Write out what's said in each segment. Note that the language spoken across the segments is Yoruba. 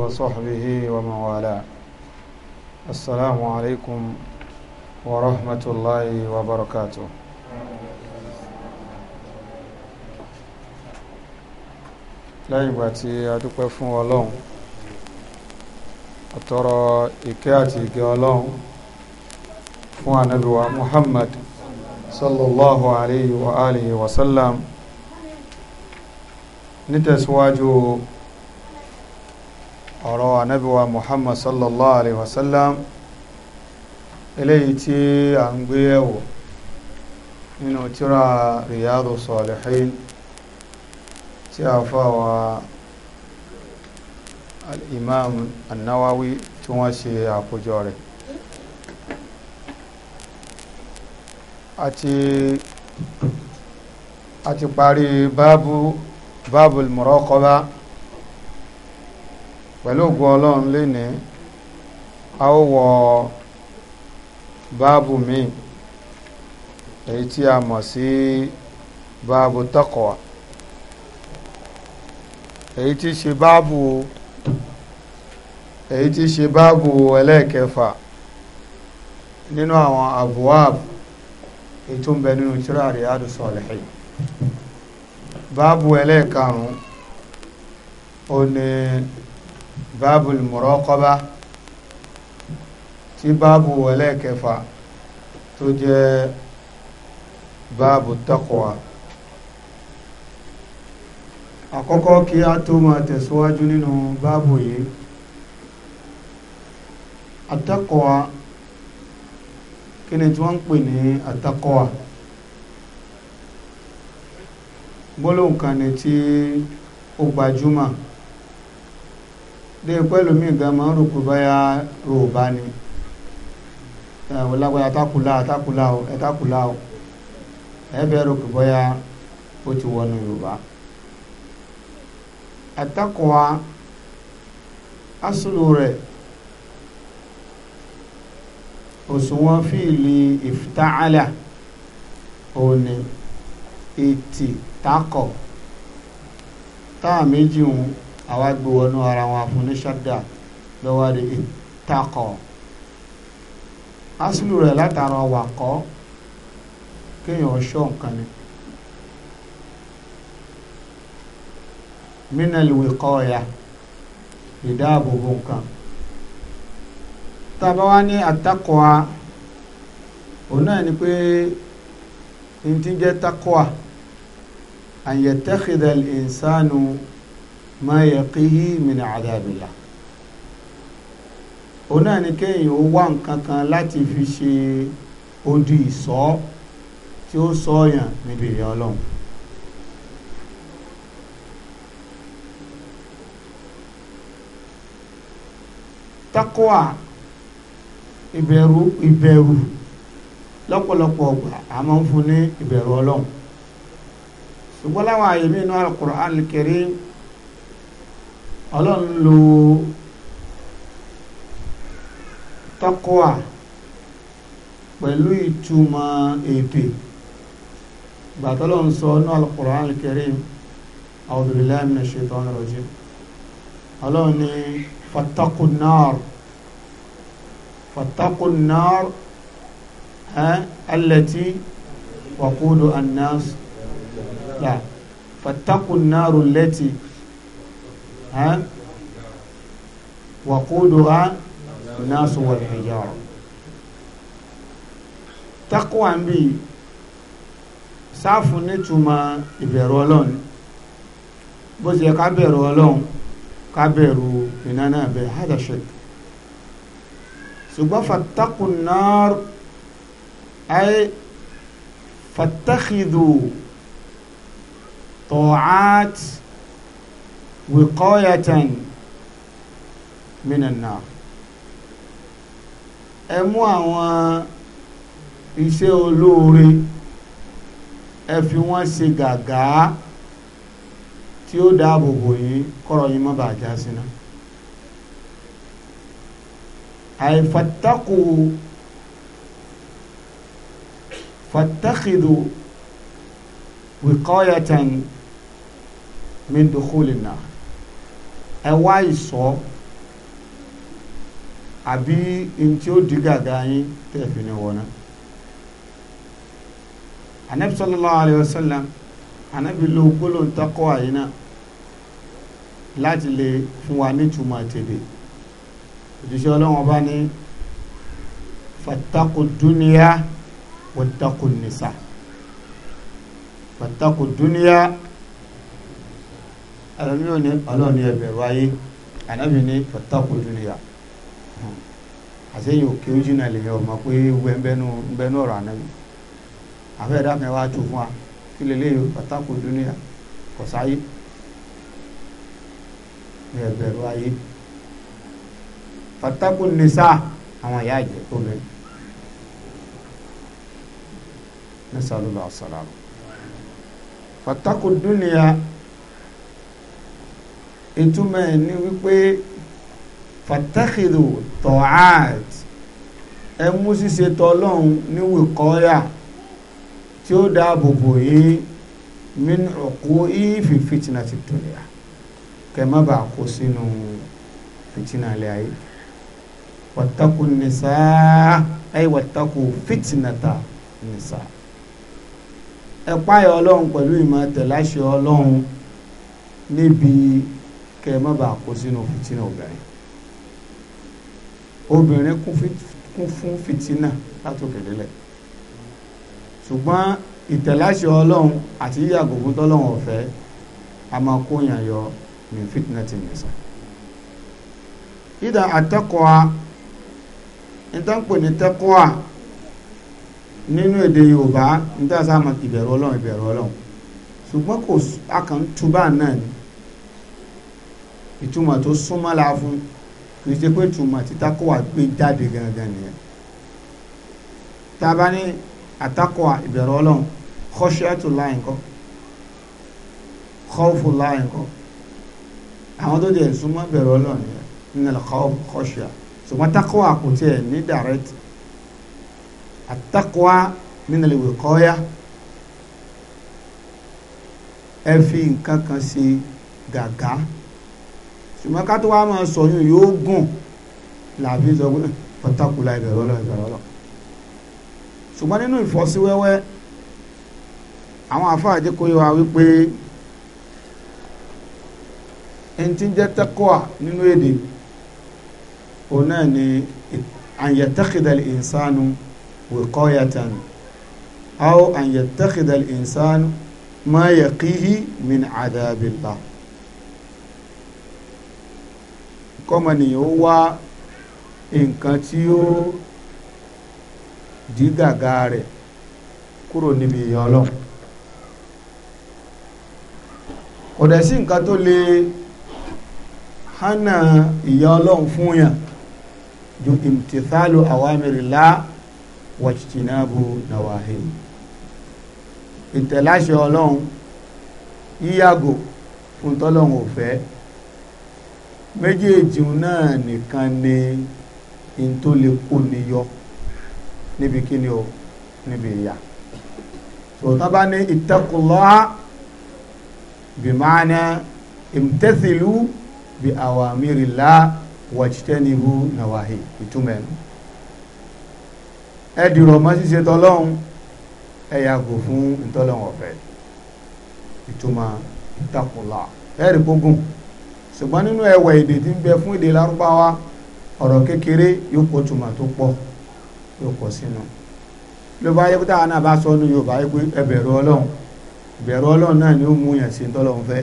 وصحبه ومن والاه السلام عليكم ورحمة الله وبركاته lẹ́yìn ìgbà tí a dúpẹ́ fún ọlọ́run àtọrọ ìkẹ́ àti ìgẹ́ ọlọ́run fún ànábìwá muhammad sallallahu alayhi wa alihi wa sallam nítẹ̀síwájú ọ̀rọ̀ anábíwa muhammad sallallahu alaihi wasallam eléyìí tí a ń gbé ẹ̀wọ̀ nínú tíra riyadu salihin tí a fáwa al-imam annawawi tí wọ́n ṣe àkójọ rẹ̀ àti àti parí báàbù báàbù pẹ̀lú ògùn ọlọ́run lénìí a ó wọ báàbù míì èyí tí a mọ̀ sí báàbù taqwa èyí tí ṣe báàbù èyí tí ṣe báàbù ẹlẹ́ẹ̀kẹfà nínú àwọn àbúwáàbù èyí tó ń bẹ nínú tírà Riyadu báàbù ẹlẹ́ẹ̀karùn-ún ó báàbù muraqaba tí báàbù ẹlẹ́ẹ̀kẹfà tó jẹ́ báàbù taqwa àkọ́kọ́ kí a tó máa tẹ̀síwájú nínú báàbù yìí àtaqwa kí ni tí wọ́n ń pè ní àtaqwa gbólóhùn ni tí ó gbajúmọ̀ dé pẹ́lú mi gan máa ń rò pé báyà ròbá ni ọlágbáyà tákùlá tákùlá o ẹtákùlá o ẹbẹ̀ rò pé báyà ó ti wọnú Yorùbá àtàkùnwa asùlù rẹ̀ òṣùwọ̀n fíìlì ìfitaálà òní ìtì takọ̀ táà méjì ń àwa gbé wọnú ara wọn fún ní ṣádà lọ́wọ́ di ìtakọ̀ asìlù rẹ̀ látara wà kọ́ kéèyàn ṣọ́ nǹkan ni mínàlùwẹ̀ kọ́ ọ̀yà ìdáàbòbò nǹkan tá a bá wá ní àtakọ̀a òun náà ni pé n ti jẹ́ takọ̀a àyẹ̀tẹ́kìdẹ̀l ما يقيه من عذاب الله. náà ni kéèyàn ó wá nǹkan kan láti fi ṣe odi ìsọ́ tí ó sọ yàn níbi ìrìn ọlọ́run takoa ìbẹ̀rù ìbẹ̀rù lọ́pọ̀lọpọ̀ ọgbà a máa ń fún ní ìbẹ̀rù ọlọ́run ṣùgbọ́n láwọn àyè mí inú al-Qur'an ọlọ́run lo taqwa pẹ̀lú ìtumọ̀ èpè gbàtọ́lọ́run sọ ní al-Qur'an al-Karim a'udhu billahi minash shaitanir ni fattaqun nar fattaqun nar allati waqudu an-nas la fattaqun nar allati wàkúdùhà násù wàlhìjára takuwa ń bì sáfù nítumọ̀ ìbẹ̀rù ọlọ́run bó ṣe ká bẹ̀rù ọlọ́run ká bẹ̀rù iná náà bẹ̀ hádà ṣèkì ṣùgbọ́n fatakun náà ayé fatakidu tọ́ọ̀át. وقاية من النار. mú àwọn iṣẹ́ olóore ẹ fi wọ́n ṣe gàgá tí ó dáàbò bò yín kọ́rọ̀ yín má bàa já síná àìfàtàkù fàtàkìdù wìkọ́yàtàn mìndùkúlìnà ẹ wá ìṣọ́ àbí n tí ó di gàgà yín tẹ̀fì ní wọ̀nà anabi sallallahu alayhi wa sallam anabi lo gbólóhùn takọ àyínà láti lè fún wa nítumọ̀ tèdè òjíṣẹ́ ọlọ́run ọba ní fataku dúníyà wataku nìsa fataku dúníyà ẹlòmíì ò ní ọlọ́ọ̀ni ẹ̀bẹ̀rù ayé ànábì ní fọ̀tàkù dúnìyà àṣeyìn òkè ojú náà lè yọ ọmọ pé wẹ́ ńbẹ́nu ọ̀rọ̀ ànábì àfẹ́ ẹ̀dá kan wá tù fún wa kí lélẹ́yìn fọ̀tàkù dúnìyà kọ̀sáyé ẹ̀bẹ̀rù ayé fataku nisa àwọn ìyá ìjẹ́ obìnrin ní sàlùbà sàlámù fọ̀tàkù dúnìyà ìtumọ̀ ẹ̀ ni wípé fatahidu tọ́hát ẹ mú ṣíṣe tọ́lọ́hún ní wìkọ́yà tí ó dáàbò bò yín min ọ̀kú ìfì fìtìnà ti dùnìyà kẹ má bàa kó sínú fìtìnà ilé ayé wàtakù nìsá ayé wàtakù fìtìnàta nìsá ẹ páyọ ọlọ́run pẹ̀lú ìmọ̀ tẹ̀láṣẹ ọlọ́run níbi kẹ́ ẹ má bàa kó sínú fìtínà obìnrin obìnrin kún fún fìtínà látòkè lélẹ̀ ṣùgbọ́n ìtẹ̀láṣẹ ọlọ́run àti yíyàgò fún tọ́lọ́run ọ̀fẹ́ a máa kóyàn yọ ní fìtínà ti nìsan ìdá àtẹ́kọ̀ọ́ ìtànpọ̀ ní tẹ́kọ̀ọ́ nínú èdè yorùbá nígbà sáà máa kìbẹ̀rù ọlọ́run ìbẹ̀rù ọlọ́run ṣùgbọ́n kò akàn túbà náà ni ìtumọ̀ tó súnmọ́ la fún kì í ṣe pé ìtumọ̀ títa kó wa gbé jáde gangan nìyẹn tábà ní àtakọ̀ ìbẹ̀rù ọlọ́run kọ́ṣẹ́tù láì kọ́ kọ́ọ̀fù láì kọ́ àwọn tó jẹ́ ìsúnmọ́ ìbẹ̀rù ọlọ́run nìyẹn nínú kọ́ọ̀fù kọ́ṣẹ́ ṣùgbọ́n takọ̀ kò tiẹ̀ ní direct àtakọ̀ nínú ìwé kọ́ọ́yà ẹ fi nǹkan kan ṣe gàgá. Si ṣùgbọ́n ká tó wá máa sọ̀yún yóò gùn làbí sọ pé pátákùlà eh, ìbẹ̀rù ọlọ́ ìbẹ̀rù ọlọ́ ṣùgbọ́n nínú ìfọ́síwẹ́wẹ́ àwọn àfáà jẹ́ kó yé wa wípé ẹni tí ń jẹ́ tẹ́kọ̀ọ́ nínú èdè òun náà ni àyẹ̀tẹ́kìdàlì ìsánú wìkọ́yàtàn aw àyẹ̀tẹ́kìdàlì ìsánú máa yẹ kíhí min àdàbìlá kọ́mọnìyàn ó wá nǹkan tí ó dí gàga rẹ̀ kúrò níbi ìyà ọlọ́run kò dẹ̀ sí nǹkan tó lè hánà ìyà ọlọ́run fún yàn ju imtithalu awamirillah wajtinabu nawahi ìtẹ̀láṣẹ ọlọ́run yíyàgò fún tọ́lọ́run òfẹ́ méjèèjì náà nìkan ni n tó lè kó ni yọ níbi kíni o níbi ìyà sọ̀tàn bá ní ittaqullah bìmáàná imtathilu bi awamirillah wajtanibu nawahi ìtumẹ̀ ẹ dìrọ̀ mọ́ ṣíṣe tọ́lọ́hún ẹ yàgò fún ìtọ́lọ́hún ọ̀fẹ́ ìtumọ̀ ittaqullah ẹ̀rí kógún ṣùgbọ́n nínú ẹwà èdè tí ń bẹ fún èdè lárúbáwá ọ̀rọ̀ kékeré yóò kó tùmọ̀ tó pọ̀ yóò kó sínú ló bá yẹ kó táwọn náà bá sọ ní yorùbá yẹ pé ẹbẹ̀rù ọlọ́run ìbẹ̀rù ọlọ́run náà ni ó mú yàn sí ntọ́lọ́run fẹ́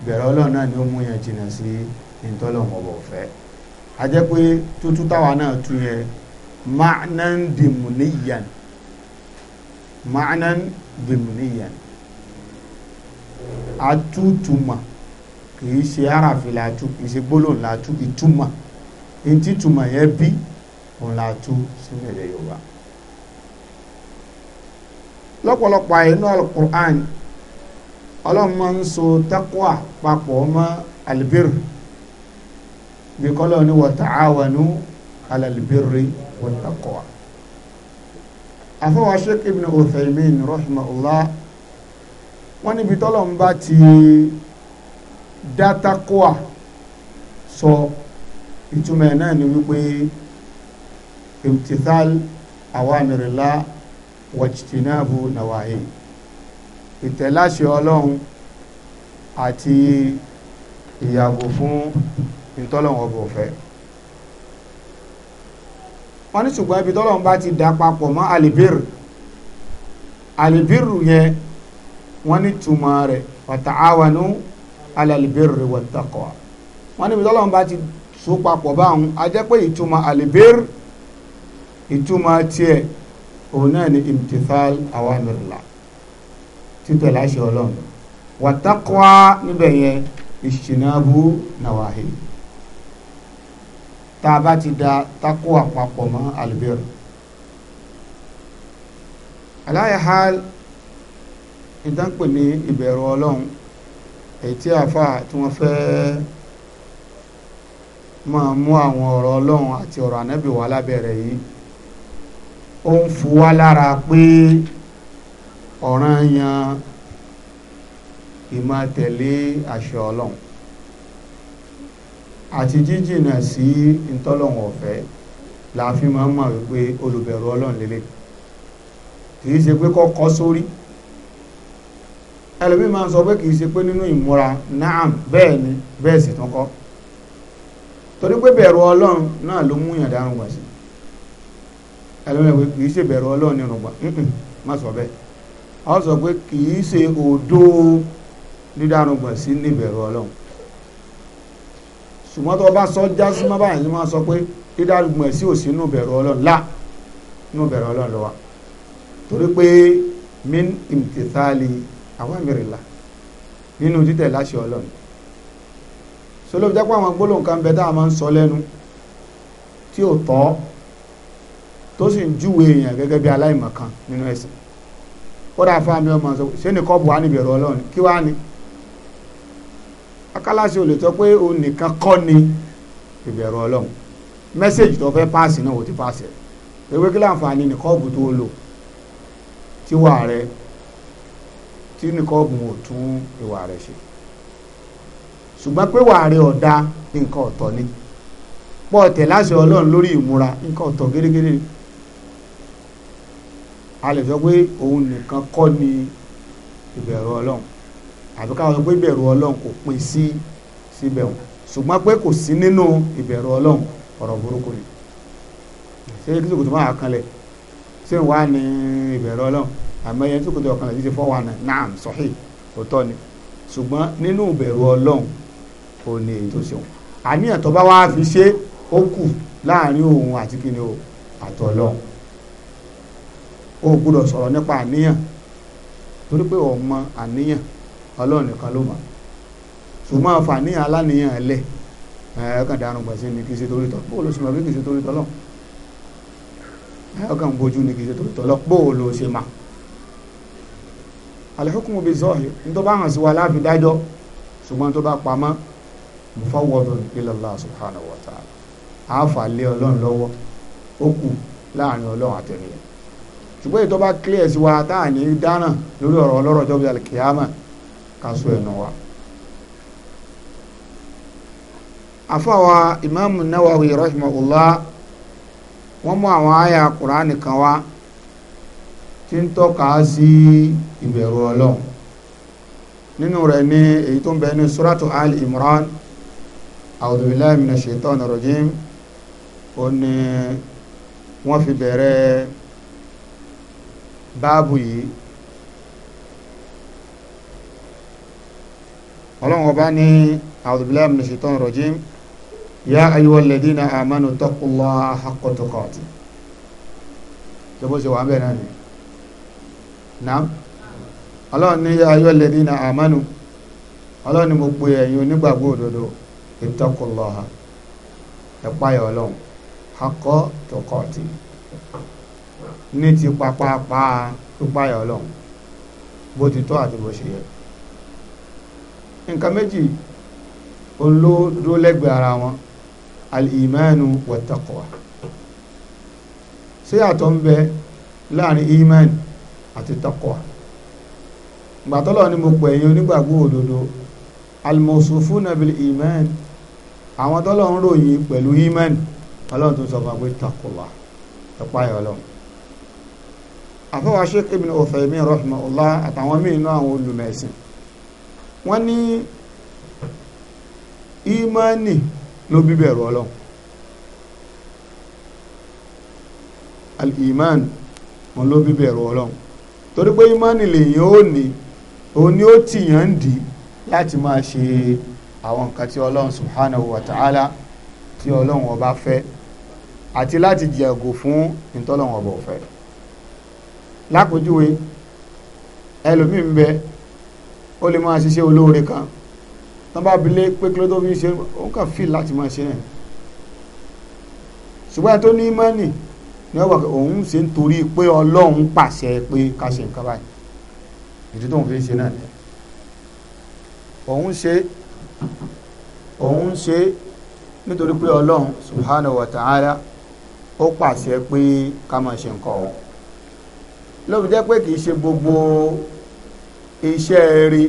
ìbẹ̀rù ọlọ́run náà ni ó mú yàn jìnnà sí ntọ́lọ́run ọ̀bọ̀ fẹ́ a jẹ́ pé tútú táwa náà tún yẹ ma'nan dimuniyan ma'nan kìí ṣe arafi làtú kìí ṣe gbólóhùn làtú ìtumọ̀ ntí tumọ̀ yẹn bí òun làtú sínú èdè yorùbá lọ́pọ̀lọpọ̀ àyínú alukur'an ọlọ́run máa ń so takwa papọ̀ mọ́ albir bí kọ́lọ́ ni wa ta'awanu ala albirri wa taqwa àfọwọ́ sheikh ibn Uthaymin rahimahullah wọ́n níbi tọ́lọ́run bá dátàkọ́à sọ ìtumọ̀ ẹ̀ náà ni wípé ibtithal awamirila wajtinabu nawahi ìtẹ̀láṣẹ ọlọ́run àti ìyàgò fún ìtọ́lọ̀wọ̀n ọbọ̀ ọ̀fẹ́ wọ́n ní ṣùgbọ́n ibi tọ́lọ̀wọ̀n bá ti dá papọ̀ mọ́ alìbírù alìbírù yẹn wọ́n ní túmọ̀ rẹ̀ wàtàáwánú alalibirri wa taqwa wọn níbi tọ́lọ́run bá ti so papọ̀ báwọn a jẹ́ pé ìtumọ̀ alibir ìtumọ̀ tiẹ̀ òun náà ni imtithal awamirila títẹ̀ láṣẹ ọlọ́run wa taqwa níbẹ̀ yẹn ìṣìnàbù nàwáhì tá a bá ti da taqwa papọ̀ mọ́ alibir aláyàhál ìdánpẹ̀ ní ìbẹ̀rù ọlọ́run èyí tí àáfà tí wọ́n fẹ́ máa mú àwọn ọ̀rọ̀ ọlọ́run àti ọ̀rọ̀ ànábì wà lábẹ́rẹ̀ yìí ó ń fu wá lára pé ọ̀ràn yan ìmá tẹ̀lé àṣẹ ọlọ́run àti jíjìnà sí ìtọ́lọ́run ọ̀fẹ́ la fi máa ń mọ̀ wípé olùbẹ̀rù ọlọ́run lélẹ̀ kì í ṣe pé kọ́kọ́ sórí. So ẹlòmí máa ń sọ pé kìí ṣe pé nínú ìmúra náà bẹ́ẹ̀ ni bẹ́ẹ̀ sì tán kọ́ torí pé bẹ̀rù ọlọ́run náà ló mú yàn dárùn gbà sí ẹlòmí pé kìí ṣe bẹ̀rù ọlọ́run ní rùgbà má sọ bẹ́ẹ̀ ọ sọ pé kìí ṣe òdo dídárùn gbà sí ní bẹ̀rù ọlọ́run ṣùgbọ́n tó bá sọ jásímọ́ báyìí máa sọ pé dídárùn gbà sí òsínú bẹ̀rù ọlọ́run lá nínú bẹ̀rù ọlọ́run ló wà torí pé min imtithali àwámìrìlà nínú títẹ̀ láṣẹ ọlọ́run sọlọ́bù jẹ́ pé àwọn gbólóhùn kan bẹ tá a máa ń sọ lẹ́nu tí ò tọ́ tó sì ń júwe èèyàn gẹ́gẹ́ bí aláìmọ̀kan nínú ẹ̀sìn kódà fáwọn ọmọ sọ ṣé ni kọ́ọ̀bù wa níbi ọ̀rọ̀ ọlọ́run kí wàá ní akálàṣe ò lè tọ́ pé o nìkan kọ́ ni ìbẹ̀rù ọlọ́run mẹ́sẹ̀jì tó fẹ́ páàsì náà ò ti páàsì ewé kí láǹfààní ní kọ́ọ̀bù tó lò tíwà rẹ̀ tí nìkọ́ọ̀bù ò tún ìwà rẹ̀ ṣe ṣùgbọ́n pé wàá rí ọ̀dà nǹkan ọ̀tọ̀ ni pọ̀ tẹ̀ láṣẹ ọlọ́run lórí ìmúra nǹkan ọ̀tọ̀ gẹ́gẹ́rẹ́ a lè sọ pé òun nìkan kọ́ ni ìbẹ̀rù ọlọ́run àbí káwọn pé ìbẹ̀rù ọlọ́run kò pín sí síbẹ̀ wọn ṣùgbọ́n pé kò sí nínú ìbẹ̀rù ọlọ́run ọ̀rọ̀ burúkú ni ṣé kí sòkòtò máa kanlẹ̀ ṣé wàá ní ìbẹ̀rù ọlọ́run àmọ́ yẹn tó kó tó ọkàn rẹ̀ ti ṣe fọ́wọ́n náà naam sọ́hì òótọ́ ni ṣùgbọ́n nínú ìbẹ̀rù ọlọ́run ò ní èyí tó ṣeun àníyàn tó bá wá fi ṣe ó kù láàrin òun àti kíni o àtọ̀lọ́run ó gbúdọ̀ sọ̀rọ̀ nípa àníyàn torí pé ọmọ àníyàn ọlọ́run nìkan ló mọ̀ ṣùgbọ́n àfàníyàn aláníyàn ẹlẹ́ ẹ̀ẹ́kàn dárun gbọ̀nsẹ̀ ni kì í ṣe torí tọ́ bó ló ṣe mọ̀ bí kì í ṣe torí tọ́lọ́ ẹ̀ẹ́kàn bójú ni kì í ṣe torí tọ́lọ́ bó ló ṣe mọ̀ alihukumu bi zọhi ntọ́ bá hàn sí wa láàfi dájọ́ ṣùgbọ́n tó bá pamọ́ mufawwadun ilallah subhanahu wa ta'ala àáfà lé ọlọ́run lọ́wọ́ ó kù láàrin ọlọ́run àtẹ̀lẹ́ ṣùgbọ́n ètò bá clear sí wa tá à ní dáná lórí ọ̀rọ̀ ọlọ́rọ̀ tó bí alikiyama ká sọ ẹ̀nà wa. imaamu nawawi rahimahullah wọ́n mú àwọn àyà kùránì kan wá tí ń tọ́ka sí ìbẹ̀rù ọlọ́run nínú rẹ̀ ní èyí tó ń bẹ ní suratu al imran a'udhu billahi minash shaitani rajim ó ní wọ́n fi bẹ̀rẹ̀ báàbù yìí ọlọ́run ọba ní a'udhu billahi minash shaitani rajim ya ayyuhal ladhina amanu taqullaha haqqa tuqati ṣe bó ṣe wà ń bẹ̀ náà naam ọlọ́run ní ayọ́ lẹ́ni na àmánu ọlọ́run ni mo pe ẹ̀yin onígbàgbọ́ òdodo ìtọ́kùlọ́ha ẹ̀páyọ̀ ọlọ́run akọ́ tọkọ̀tì ní ti papapa pípáyọ̀ ọlọ́run bó ti tọ́ àti bó ṣe yẹ nǹkan méjì olódó lẹ́gbẹ̀ẹ́ ara wọn alìmánu wọ̀tàkọ̀wà sí ń bẹ láàrin ìmánu àti taqwa gbàtọ́lọ̀ ni mo pè ẹ̀yin onígbàgbọ́ òdodo almosufuna bil iman àwọn tọ́lọ̀ ń ròyìn pẹ̀lú iman ọlọ́run tó sọ fún pé taqwa ẹ̀pá ẹ̀ ọlọ́run àfọwà sheikh ibn Uthaymin rahimahullah àtàwọn míì náà àwọn olùmẹ̀sìn wọ́n ní imani ló bíbẹ̀rù ọlọ́run al-iman wọn ló bíbẹ̀rù ọlọ́run torí pé ìmánì lèyìn ó ní òun ni ó tìyàn ń dì láti máa ṣe àwọn nǹkan tí ọlọ́run subhanahu wa ta'ala tí ọlọ́run ọba fẹ́ àti láti jẹ̀gò fún ìtọ́lọ́run ọba ọ̀fẹ́ lápòjúwe ẹlòmíín bẹ ó lè máa ṣiṣẹ́ olóore kan tán bá pé kí ló tó fi ṣe ó kàn fíìl láti máa ṣe náà ṣùgbọ́n tó ní ìmánì ní ọgbà òun ṣe ń torí pé ọlọ́run pàṣẹ pé ká ṣe nǹkan báyìí ìdí tóun fi ń ṣe náà ni òun ṣe òun ṣe nítorí pé ọlọ́run subhanahu wa ta'ala ó pàṣẹ pé ká máa ṣe nǹkan ọ̀hún lóbi jẹ́ pé kìí ṣe gbogbo iṣẹ́ eré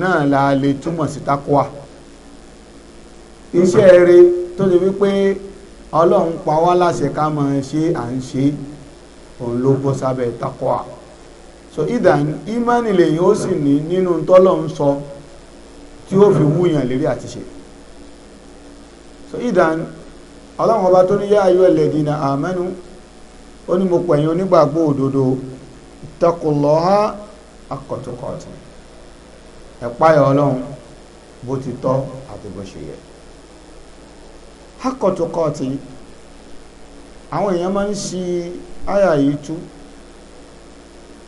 náà la lè túmọ̀ sí takuwa iṣẹ́ eré tó ti wípé ọlọ́run pa wá láṣẹ ká máa ṣe à ń ṣe òun ló bọ́ sábẹ́ takwa so idan imani lèyìn ó sì ní nínú tọ́lọ́run sọ tí ó fi wúyàn lérí àti ṣe so idan ọlọ́run ọba tó ní yá ayọ́ ẹlẹ́dínà àmẹ́nu ó ní mo pẹ̀yìn onígbàgbọ́ òdodo ìtẹ́kùlọ́há akọ̀tùkọ̀tù ẹ̀páyọ̀ ọlọ́run bó ti tọ́ àti bó ṣe yẹ hakọ̀tùkọ̀tì àwọn èèyàn máa ń ṣe àyà yìí tú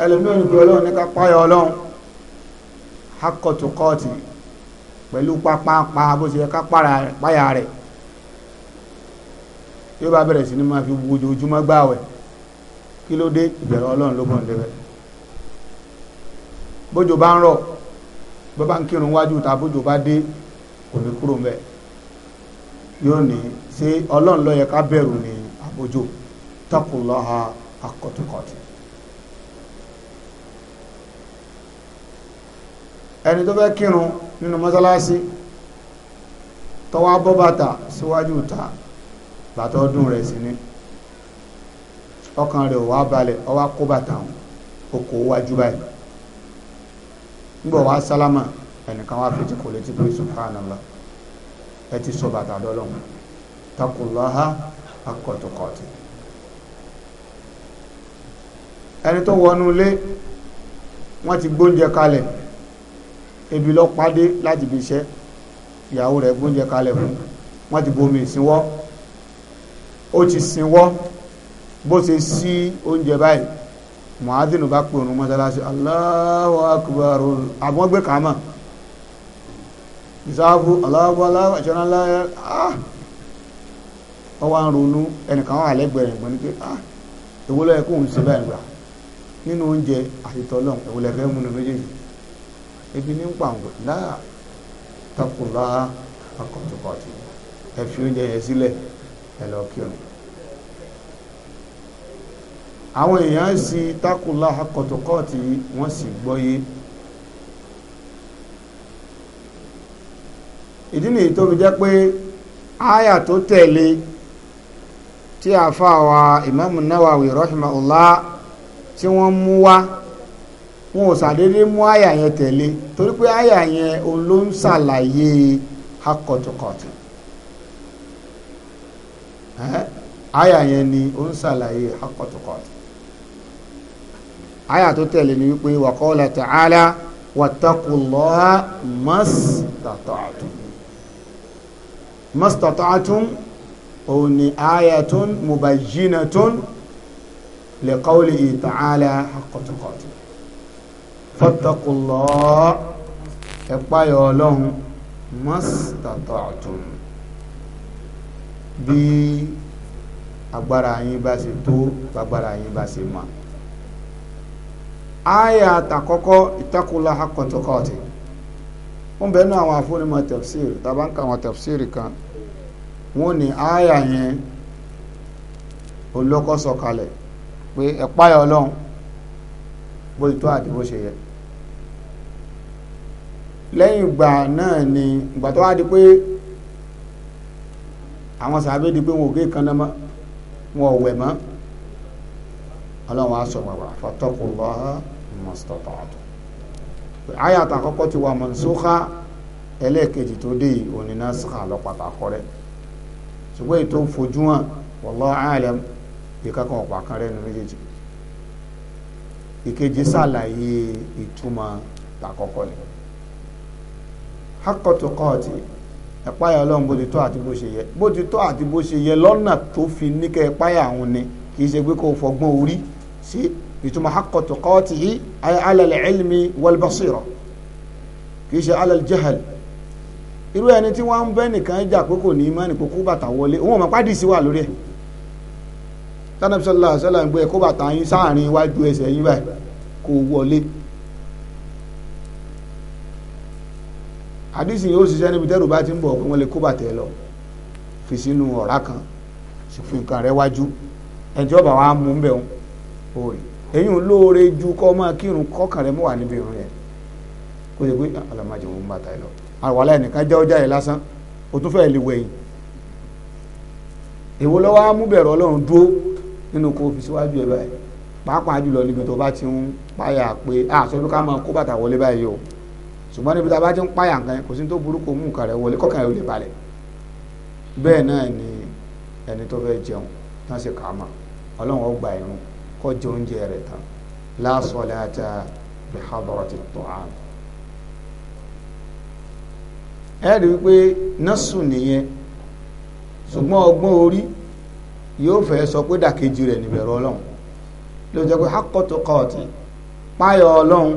ẹlòmíràn ìgbé ọlọ́run ní ká páyọ ọlọ́run hakọ̀tùkọ̀tì pẹ̀lú pápápá bó ṣe yẹ ká páyà rẹ̀ yóò bá bẹ̀rẹ̀ sí ni máa fi wojoojúmọ́ gbààwẹ̀ kí ló dé ìbẹ̀rẹ̀ ọlọ́run ló kàn lébẹ̀ bójò bá ń rọ̀ bó bá ń kírun wájú ta bójò bá dé kò ní kúrò mbẹ́ẹ̀ yóò ní ṣé ọlọ́run ló yẹ ká bẹ̀rù ní àbójò taqullaha haqqa tuqati. ẹni tó fẹ́ kírun nínú mọ́sálásí tó wá síwájú ta bàtà ọdún rẹ̀ sí ni ọkàn rẹ̀ ò balẹ̀ ó kó bàtà òun okò wájú báyìí nígbà fi ti kò létí ẹ ti sọ bàtà dọ́lọ́mù takùnláha akọ̀tùkọ̀tù ẹni tó wọnú ilé wọ́n ti gbóúnjẹ kalẹ̀ ebi lọ pàdé láti ibi iṣẹ́ ìyàwó rẹ̀ gbóúnjẹ kalẹ̀ fún wọ́n ti bomi ìsinwọ́ ó ti sinwọ́ bó ṣe sí oúnjẹ báyìí muhadinu bá pè òun mọ́sálásí Allahu akbar àwọn gbé ìsáàbù aláàbù aláàbù àṣẹ ńlá ọwọ́ ah! ọwụwa ronú ẹnìkan wà lẹ́gbẹ̀ẹ́ rẹ̀ gbọ́n ní pé ah! èwo ló yẹ gbà ah! nínú oúnjẹ ebi ní akọ̀tùkọ̀tù oúnjẹ yẹn sílẹ̀ kí ọ̀nà àwọn èèyàn akọ̀tùkọ̀tù wọ́n sì ìdí nìyí tó fi jẹ́ pé áyà tó tẹ̀lé tí fa wa ìmáàmù Nawawi rahimahullah tí wọ́n mú wá wọn ò sàdédé mú àyà yẹn tẹ̀lé torí pé àyà yẹn ló ń ṣàlàyé akọ̀tùkọ̀tù àyà yẹn ni ó ń ṣàlàyé akọ̀tùkọ̀tù àyà tó tẹ̀lé ni wípé mastata'tum òun ni ayatun mubayyinatun li qawlihi ta'ala haqqa tuqati fattaqullah ẹ̀páyọ̀ ọlọ́run mastata'tum bí agbára yín bá ṣe tó agbára yín bá ṣe mọ́ aya àtàkọ́kọ́ ìtakùlá haqqa tuqati ń àwọn afúnimọ̀ tafsir tàbá àwọn tafsir kan wọ́n ní àyà yẹn olókọ́ sọ̀kalẹ̀ pé ẹ̀páyà ọlọ́run bó ti tó àti bó ṣe yẹ lẹ́yìn ìgbà náà ni ìgbà tó wá di pé àwọn sàbẹ̀ di pé wọn ò gé kan náà mọ́ wọn ò wẹ̀ mọ́ ọlọ́run á sọ wàwà fattaqullaha mastata'tum àyà àtàkọ́kọ́ ti wà mansukha ẹlẹ́ẹ̀kejì tó dé òní náà sàkà lọ́pàá àkọ́rẹ́ ṣùgbọ́n ètò fojú hàn wallahu a'lam ìkankan ọ̀pá kan rẹ̀ nu méjèèjì ìkejì ṣàlàyé ìtumọ̀ tàkọ́kọ́ ni hakọ̀tù kọ́ọ̀tì ẹ̀páyà ọlọ́run bó ti tó àti bó ṣe yẹ bó ti tó àti bó ṣe yẹ lọ́nà tó fi níkẹ́ ẹ̀páyà àwọn ni kì irú ẹni tí wọ́n ń bẹ́ nìkan jà pé kò ní mọ́ni kó kó bàtà wọlé òun ò mọ̀ pàdé sí wà lórí ẹ̀ sanabi sọlá sọlá ń gbé ẹ kó bàtà yín sáàrin iwájú ẹsẹ̀ yín báyìí kó wọlé àdìsí yóò ṣiṣẹ́ níbi tẹ́rù bá ti ń bọ̀ pé wọ́n fi sínú ọ̀rá kan ṣùfin nǹkan rẹ wájú wa mú bẹ̀ òòrè lóore ju kọ́ máa kírun àwàlá ẹnìkan jẹ́ ọjà yìí lásán o tún fẹ́ẹ́ lè wẹ̀yìn èwo lọ́wọ́ amúbẹ̀rẹ̀ ọlọ́run dúró nínú kó fi síwájú ẹ̀ báyìí pàápàá jùlọ níbi tó bá ti ń páyà pé àṣọ bí ká máa kó bàtà wọlé báyìí o ṣùgbọ́n níbi tá a bá ti ń páyà nǹkan kò sí tó burúkú mú nǹkan rẹ̀ wọlé kọ́kàn rẹ̀ ò lè balẹ̀ bẹ́ẹ̀ náà ni ẹni tó fẹ́ jẹun tán ṣe kà á mọ̀ ọlọ́run ó gba ìrun jẹ oúnjẹ rẹ̀ tán la salata bi hadratit ta'am ẹ rí i pé násù nìyẹn ṣùgbọ́n ọgbọ́n orí yóò fẹ́ sọ pé dàkejì rẹ̀ níbẹ̀rù ọlọ́run ló jẹ́ pé hákọ́tò kọ́ọ̀tì páyọ̀ ọlọ́run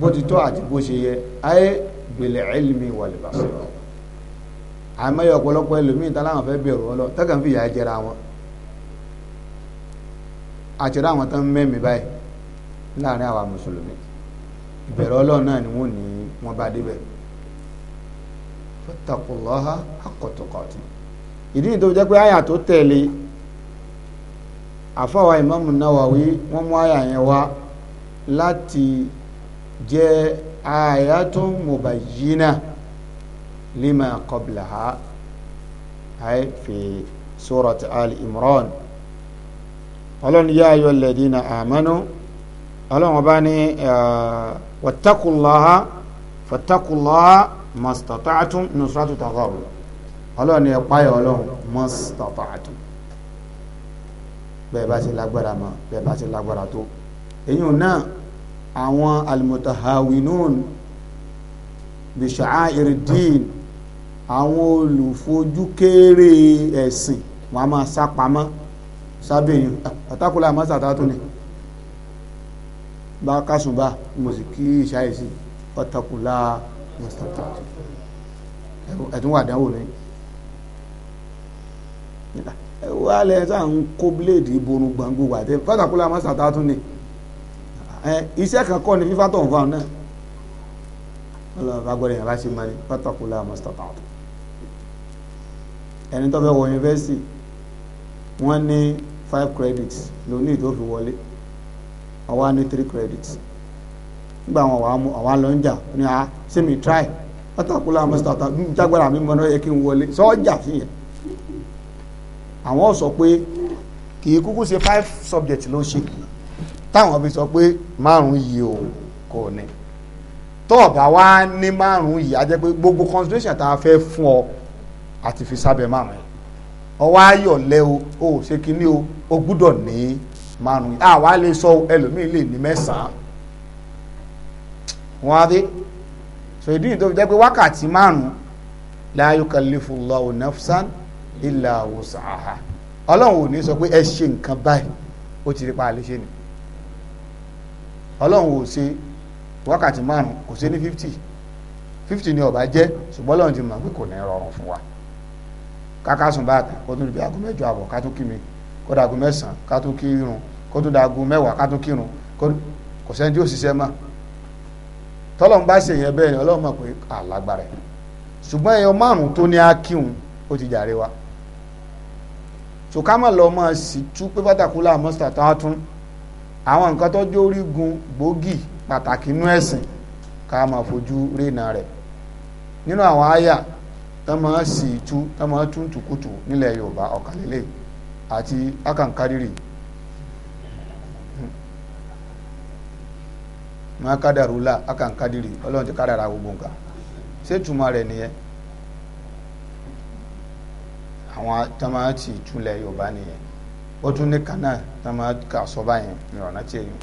bó ti tọ́ àti bó ṣe yẹ ayé gbèlè ẹ̀lìmí wàlìbà sọ̀rọ̀ àmọ́yọ̀ ọ̀pọ̀lọpọ̀ ẹlòmíì tá láwọn fẹ́ bẹ̀rù ọlọ́ tẹ́kàn fi ìyà jẹra wọn àtìrá àwọn tán mẹ́mí báyìí láàrin àwa mùsùlùmí ìbẹ̀rù ọlọ́run náà ni wọ́n ní fattaqullaha haqqa tuqati ìdí nìyí tó jẹ́ pé àyà tó tẹ̀lé àfọwà Imam Nawawi wọ́n mú àyà yẹn wá láti jẹ́ ayatun mubayyina lima qablaha ay fi surati Ali Imran ọlọ́run yá ayọ̀ lẹ́dínà àmánú ọlọ́run ọba ní wattaqullaha fattaqullaha mastata'tum nusratu taghabun ọlọ́run ni ẹ páyọ̀ ọlọ́run mastata'tum bẹ́ẹ̀ bá ṣe lágbára mọ́ bẹ́ẹ̀ bá ṣe lágbára tó èyí náà àwọn almutahawinun bisha'airidin àwọn olùfojúkéré ẹ̀sìn wọn a máa sá pamọ́ sábẹ́yìn àtàkùlà àmọ́sàtà tó bá kásùnbà mo kí ìṣàìsìn ọ̀tàkùlà àmọ́sàtà ẹ̀tún wà dánwò ní wà lẹ tá à ń kó bíléèdì ìbonu gbàngbò wà tẹ fàtàkùlà máa sàtà tún ni iṣẹ́ kan kọ́ ni fífà tó ń fa náà wọ́n lọ bá gbọ́dọ̀ yẹn bá ṣe máa ní fàtàkùlà máa sàtà tún ẹni tó fẹ́ wọ yunifásitì wọ́n ní five credits lónìí tó fi wọlé ọwọ́ á ní three credits nígbà àwọn àwa lọ ń jà ní a ṣé mi try látàkùlà mọ́sítàtà hmm, jágbára mi mọ́ náà yẹ kí n wọlé sọ́jà fi yẹn àwọn sọ pé kì í kúkú ṣe five subjects ló ṣe táwọn fi sọ pé márùn yìí o kò ní tó bá wá ní márùn yìí a jẹ́ pé gbogbo concentration tá a fẹ́ fún ọ àti fi sábẹ́ márùn yìí ọwọ́ ayọ̀ lẹ o o ṣe kínní o o gbúdọ̀ ní márùn yìí àwa lè sọ ẹlòmíì lè ní mẹ́sàn-án wọn so ìdí tó fi pé wákàtí márùn-ún nafsan illa wus'aha ọlọ́run ò ní sọ pé ẹ ṣe nǹkan báyìí ó ti rí pa àlè ṣe ni ọlọ́run ò ṣe wákàtí márùn kò sí ní ni ọba jẹ ṣùgbọ́n ti mọ̀ pé kò ní rọrùn wa káká sùn bá ta kó tún di aago àbọ̀ ká tọ́lọ́n bá ṣèyẹn bẹ́ẹ̀ ni ọlọ́run mọ̀ pé àlágbára ẹ̀ ṣùgbọ́n èèyàn márùn tó ní akíhun ó ti jàre wa ṣùkámọ̀ lọ mọ̀ sí tú pé pátákó là mọ́sítà tó á tún àwọn nǹkan tó jẹ́ orígun gbòógì pàtàkì inú ẹ̀sìn ká máa fojú rìnà rẹ̀ nínú àwọn àyà tó mọ̀ sí tú tó mọ̀ tún tùkùtù nílẹ̀ Yorùbá ọ̀kàlélẹ̀ àti akànkárìrì máa kádàrú là akàn ọlọ́run ti kádàrà gbogbo nǹkan ṣé ìtumọ̀ rẹ̀ nìyẹn àwọn tamati ìtúlẹ̀ yorùbá nìyẹn ó tún ní kaná tamati kà sọ́ba yẹn ní tí èyí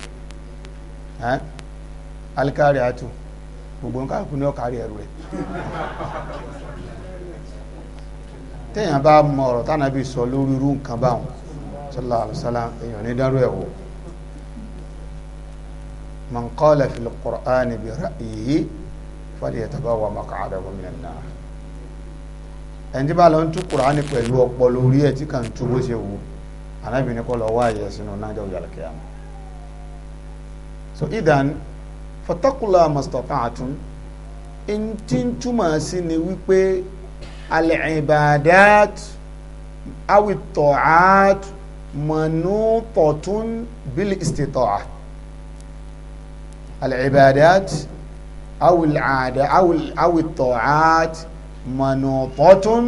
ẹ́ alikari atu gbogbo nǹkan kú ní ọ̀kárí ẹ̀rù rẹ̀ téèyàn bá mọ ọ̀rọ̀ tánàbí sọ lórí irú nǹkan báwọn sallallahu alaihi èèyàn ní dárú wò. من قال في القرآن برأيه ra'yihi falyatabawwa من النار. nar ẹni tí bá lọ ń tú kùránì pẹ̀lú ọpọlọ orí ẹ̀ tí kàn ń bó ṣe wù anábì ní lọ wá àyè sínú nájà òyà lẹ́kẹ̀yàmù so idan fatakula mastata'atun in ti ń túmọ̀ sí ni wípé al-ibadat awit ta'at manutotun bil istita'at العبادات أو العادة أو أو الطاعات ta'at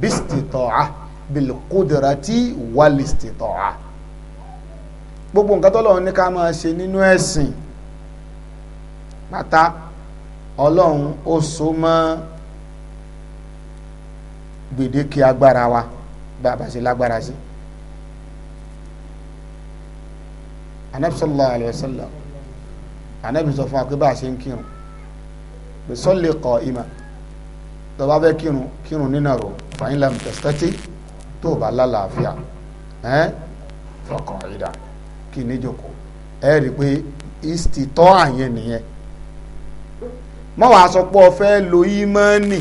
باستطاعة bistita'a والاستطاعة. walistita'a gbogbo nǹkan tọ́lọ́run ní ká máa ṣe nínú ẹ̀sìn pátá ọlọ́run ó so mọ́ gbèdéke agbára wa bá ṣe lágbára sí anabi sallallahu alayhi wa sallam ànábì sọ fún wa pé bá a ṣe ń kírun pé sọ́lé kọ ìmọ̀ tó bá fẹ́ kírun kírun nínà rò fàyín lam tẹ̀sítẹ́tì tó o bá lálàáfíà ẹ́n fọkàn ìdá kí ni jòkó ẹ rí i pé ìsìtọ́ àyẹn nìyẹn mọ́ wàá sọ pé o fẹ́ lo ìmọ̀ọ́nì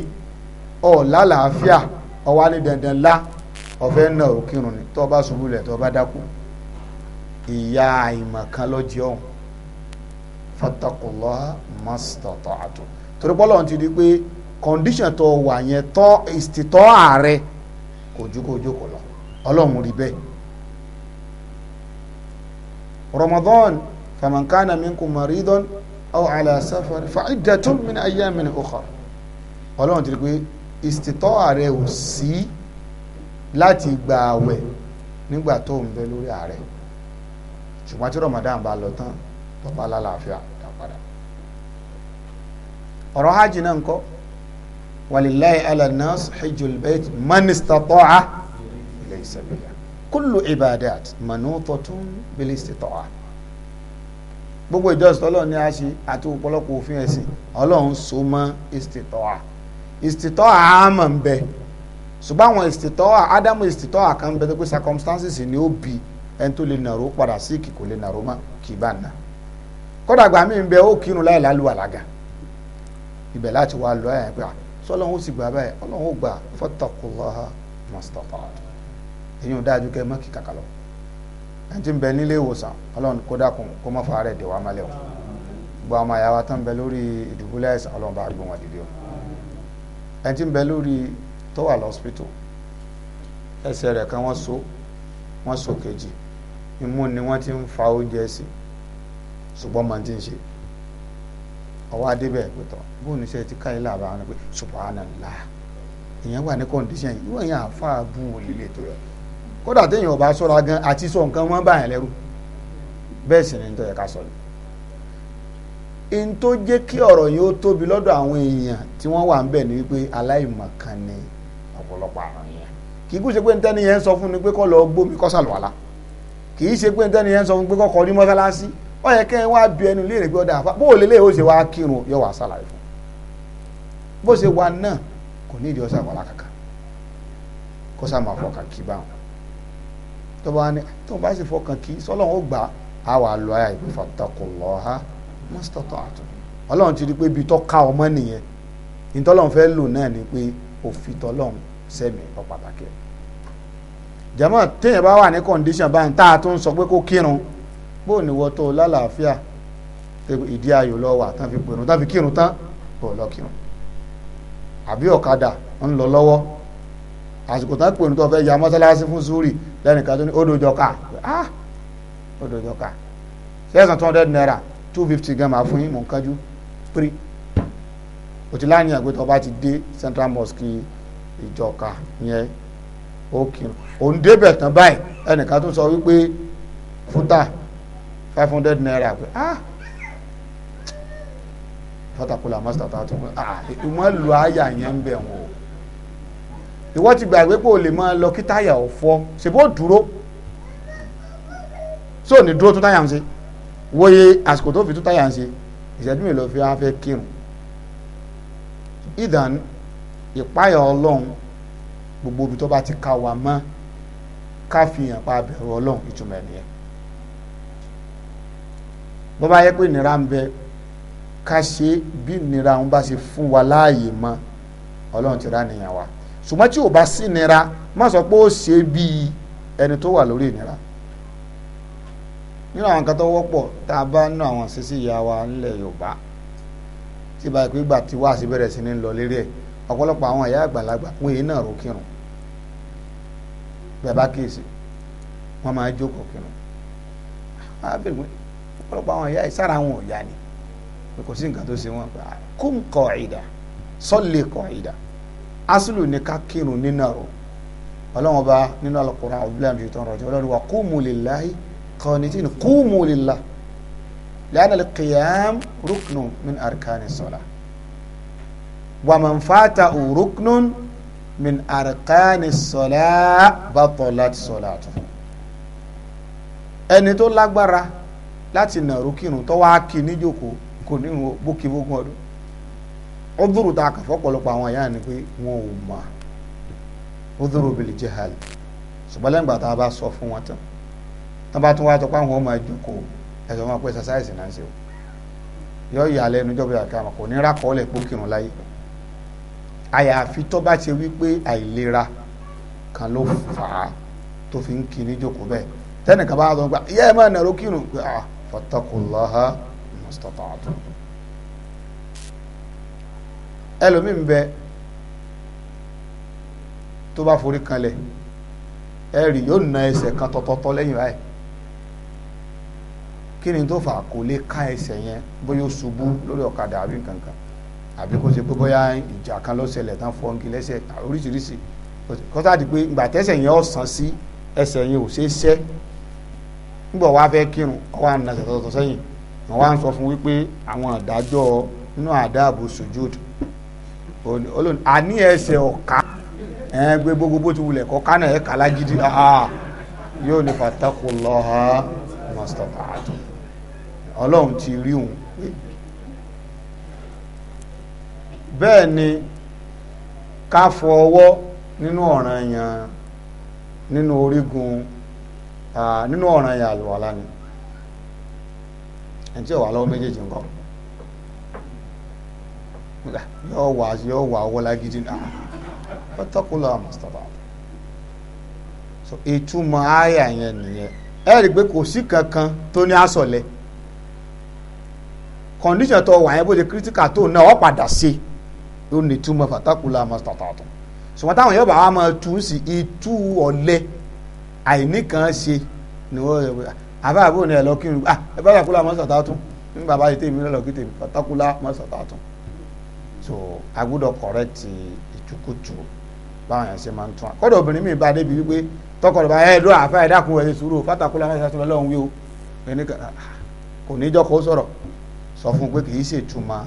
ọ̀ lálàáfíà ọ wá ní dandan lá ọ̀fẹ́ náà ò kírun ni tó ṣubú lẹ̀ tó dákú ìyá àìmọ̀kan lọ́jọ́ ọ̀hún fattaqullaha mastata'tu torí pé Ọlọ́run ti di pé condition tó wà yẹn tọ́ ìsìtọ́ ààrẹ kò ju kó jókòó lọ ọlọ́run rí bẹ́ẹ̀. Ramadan faman kana minkum maridan aw ala safar fa min ayyamin ukhar ọlọ́run ti di pé ìsìtọ́ ààrẹ ò sí láti gba àwẹ̀ nígbà tó ń bẹ lórí ààrẹ ṣùgbọ́n tí Ramadan bá lọ tán tó bá lálàáfíà. ha ji na nkọ. walillahi ala hijjul bayt man istata'a ilayhi sabila kullu ibadat manutatun bil istita'a gbogbo ìjọsìn ọlọ́run ni a ṣe àti ọ̀pọ̀lọpọ̀ òfin ẹ̀sìn ọlọ́run so mọ́ istita'a istita'a àmọ̀ ń bẹ ṣùgbọ́n àwọn istita'a ádámù istita'a kan bẹ pé circumstances ni ó bi ẹni tó lè nàró padà sí lè nàró kì í bá nà bẹ ó kírun ibẹ̀ láti wá lọ àyàn pé sọlọ́hún ah, ó sì gbà báyìí ọlọ́hún ó gbà fattaqullaha mastata'tu èyí ò dájú kẹ́ mọ́kì kàkà lọ ẹni tí ń bẹ nílé ìwòsàn ọlọ́run kó dákun kó má fa rẹ̀ dèwà mọ́lẹ̀ o gbọ́ ọmọ àyàwó tán bẹ lórí ìdùbúlẹ̀ àìsàn ọlọ́run bá gbé wọn dìde o ẹni tí ń bẹ lórí tó wà lọ́sípítù ẹsẹ̀ rẹ̀ kan wọ́n so wọ́n so kejì imú ni wọ́n ti ń fa oúnjẹ sí ṣùgbọ́n màá ti ń ṣe ọwọ́ adébẹ̀ pẹ̀tọ́ bóun ṣe ti káyìí làbá wọn pé subhanallah ìyẹn wà ní condition yìí wọ́n yẹn àfa bú olùlé tó rẹ̀ kódà téèyàn ọba sọ́ra gan àti sọ nǹkan wọ́n bá yẹn lẹ́rù bẹ́ẹ̀ sì ni n tó yẹ ká sọ ni n tó jẹ́ kí ọ̀rọ̀ yìí ó tóbi lọ́dọ̀ àwọn èèyàn tí wọ́n wà ń bẹ̀ ni wípé aláìmọ̀kan ni ọ̀pọ̀lọpọ̀ àrùn yẹn kì í kú ṣe pé ntẹ́ni yẹn sọ fún ni pé kó lọ gbómi kó ṣàlùwàlá kì í ṣe pé ntẹ́ni yẹn sọ fún pé kó kọrí mọ́sálásí ó yẹ kẹ́ ẹ wá bí ẹnu léèrè bí ọ̀dà àfa bó o lélẹ̀ ó ṣe wá kírun yọ wá sálàyé fún bó ṣe wá náà kò ní ìdí ọ̀sà wàhálà kankan kó sá máa fọkàn kí báwọn tó bá ní tó bá sì fọkàn kí sọlọ́run ó gbà á wà lọ ayà ìpè fatakullaha mastata'tum ọlọ́run ti di pé ibi tó ká ọmọ nìyẹn ìtọ́lọ́run fẹ́ lò náà ni pé òfin tọ́lọ́run sẹ́mi ọ pàtàkì téèyàn bá wà ní kọ́ndíṣàn báyìí tá a tún sọ pé kó kírun bó ni ní wọ́n tó lálàáfíà ìdí ayò lọ wà tán fi pèrún tán fi kírun tán kò lọ kírun àbí ọ̀kadà ń lọ lọ́wọ́ àsìkò tán pèrún tó fẹ́ ya mọ́sálásí fún súrì lẹ́nìkan tó ní ó ah ó dojọ́ ká sẹ́sàn two hundred naira two fifty gan máa fún yín mò ń kájú pírí òtí láàyè àgbẹ̀ tó bá ti dé central mosque ìjọka yẹn ó kírun òun débẹ̀ tán báyìí ẹnìkan tó sọ wípé fúta five hundred naira pé ah tọ́takùlà mọ́sítà tó àtúntò ah ìmọ̀ lu àyà yẹn ń bẹ̀ wọ́n ìwọ ti gbàgbé pé o lè máa lọ kí táyà ò fọ́ ṣèbó dúró tí ò ní dúró tún táyà ń ṣe wòye àsìkò tó fi tún táyà ń ṣe ìṣẹ́jú mi lọ fi á fẹ́ kírun ìdán ìpáyà ọlọ́run gbogbo ibi tó bá ti ka wà mọ́ ká pa abẹ̀rù ọlọ́run ìtumọ̀ ẹ̀ nìyẹn bó bá yẹ pé ìnira ń bẹ ká ṣe bí ìnira ń bá ṣe fún wa láàyè mọ ọlọ́run ti rá nìyẹn wa ṣùgbọ́n tí ò bá sí ìnira má sọ pé ó ṣe bíi ẹni tó wà lórí ìnira nínú àwọn nǹkan tó wọ́pọ̀ tá a bá nínú àwọn sísí ìyá wa nílẹ̀ yorùbá tí bá pé gbà tí wàásù bẹ̀rẹ̀ sí ní lọ lérí ẹ̀ ọ̀pọ̀lọpọ̀ àwọn ìyá àgbàlagbà pé èyí náà ro kírun bẹ́ẹ̀ bá kíyèsí wọ́n máa jókòó kírun ọ̀pọ̀lọpọ̀ àwọn ìyá ìsára àwọn ò yá ni pé kò sí nǹkan tó ṣe wọn pé ah, kó ń kọ ìdá sọ́lé kọ ìdá asúlù ní ká kírun nínà rò ọlọ́wọ́n bá nínú alukóra abdulayi ṣe tán rọ̀jọ́ ọlọ́run wa qumu lillahi qanitin qumu lillah lẹ́yìn alqiyam ruknun min arkani sọ́la wa man fata ruknun min arkani sọ́la batalat sọ́la tó ẹni tó lágbára. láti nàró kírun tó wáá kí níjókòó kò nírun bókibókun ọdún ó taa ta kà fọ́pọ̀lọpọ̀ àwọn àyà ni pé wọn ò mọ̀ ó dúró bìlì jihal ṣùgbọ́n lẹ́yìn ìgbà tá a bá sọ fún wọn tán tó bá tún wá tọ́ pé àwọn ọmọ ìjókòó ẹ̀sọ́ ṣàṣàìsì náà ṣe o yọ ìyá lẹ́nu ìjọba ìyá kàmọ́ kò ní rákọ́ọ́lẹ̀ pókìrùn láyé àyàfi tó wattaqullaha mastata'tum elu mi bẹ tó bá forí kanlẹ̀ ẹ̀rì yóò na ẹsẹ̀ kan tọtọtọ lẹ́yìn báyìí kí ni tó fà ka lè ká ẹsẹ̀ yẹn bóyá o ṣubú lórí ọ̀kadà àbí kankan àbí kó ṣe pé bóyá ìjà kan ló ṣẹlẹ̀ tán fọ́nkì lẹ́sẹ̀ oríṣiríṣi kọ́tà di pé ìgbà tẹ́sẹ̀ yẹn ọ̀sán sí ẹsẹ̀ yẹn ò nígbà wàá fẹ́ kírun ọwọ́ àná sọ̀tọ̀tọ̀ sẹ́yìn wọ́n wá ń sọ fún wípé àwọn àdájọ́ nínú àdáàbò sujud àní ẹsẹ̀ ọ̀ka ẹ̀ gbé gbogbo ti wulẹ̀ kọ́ká náà ẹ̀ kà lágídí yóò ní pàtàkù lọ́ha mọ́sítọ́pàtó ọlọ́run ti rí òun pé bẹ́ẹ̀ ni ká fọ ọwọ́ nínú ọ̀ràn yẹn nínú orígun nínú ya yà àlùwàlá ni ẹni tí ò wà méjèèjì nǹkan yóò wà yóò wà wọlá gidi náà so ìtumọ̀ àyà yẹn nìyẹn ẹ rí i pé kò sí kankan tó ní àsọ̀lẹ̀ condition tó wà yẹn bó ṣe tó náà ọ̀ padà sí ó ní ìtumọ̀ fàtàkùnlọ àmọ̀sítọ́bà tó táwọn yóò bá wà máa sí àìní kan ṣe ni wọ́n rẹ̀ wọ́n àbá àbúrò ni ẹ̀ lọ kírun ah ẹ bá yàkúlà mọ́ sọ̀tà tún ní bàbá yìí tèmi lọ́ọ́ kí tèmi pátákúlà mọ́ sọ̀tà tún so a gbọ́dọ̀ correct ìtukùtù báwọn yẹn ṣe máa ń tún wa kọ́dọ̀ obìnrin mi bá a débi wípé tọkọ rẹ̀ bá ẹ lọ àfa ẹ̀ dákun ẹ̀ sùúrù pátákúlà mọ́ sọ̀tà lọ́hùn wí o ah, kò ní jọ́ kó sọ̀rọ̀ sọ fún pé kì í ṣètumọ̀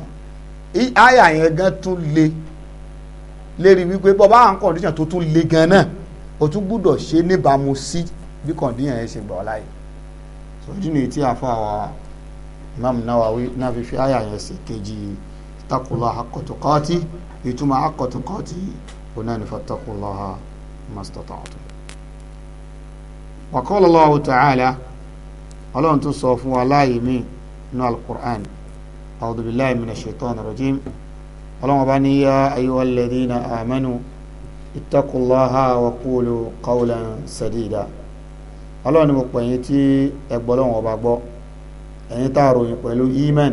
àyà yẹn gan tún le lérí wípé bọ́ bá àwọn condition tó tún le gan náà o tún gbúdọ̀ ṣe níbàámu sí bí kọ̀ǹdíyàn yẹn ṣe gbà ọ́ láyè sọ́jú ni tí àfa wa imam Nawawi náà fi fi àyà yẹn sí kejì takùlọ̀ akọ̀tùkọ́tì ìtumọ̀ akọ̀tùkọ́tì oná ní fatakùlọ̀ ha mastata'tum. wa qala Allahu ta'ala ọlọ́run tún sọ fún wa láàyè mí nínú alukur'an a'udhu billahi minash shaitani rajim ọlọ́run bá ní yá ayyuhalladhina amanu. اتقوا الله وقولوا قولا سديدا ọlọ́run ni mo pè yín tí ẹgbọ́ lọ́wọ́ ọba gbọ́ ẹ̀yin tá a ròyìn pẹ̀lú iman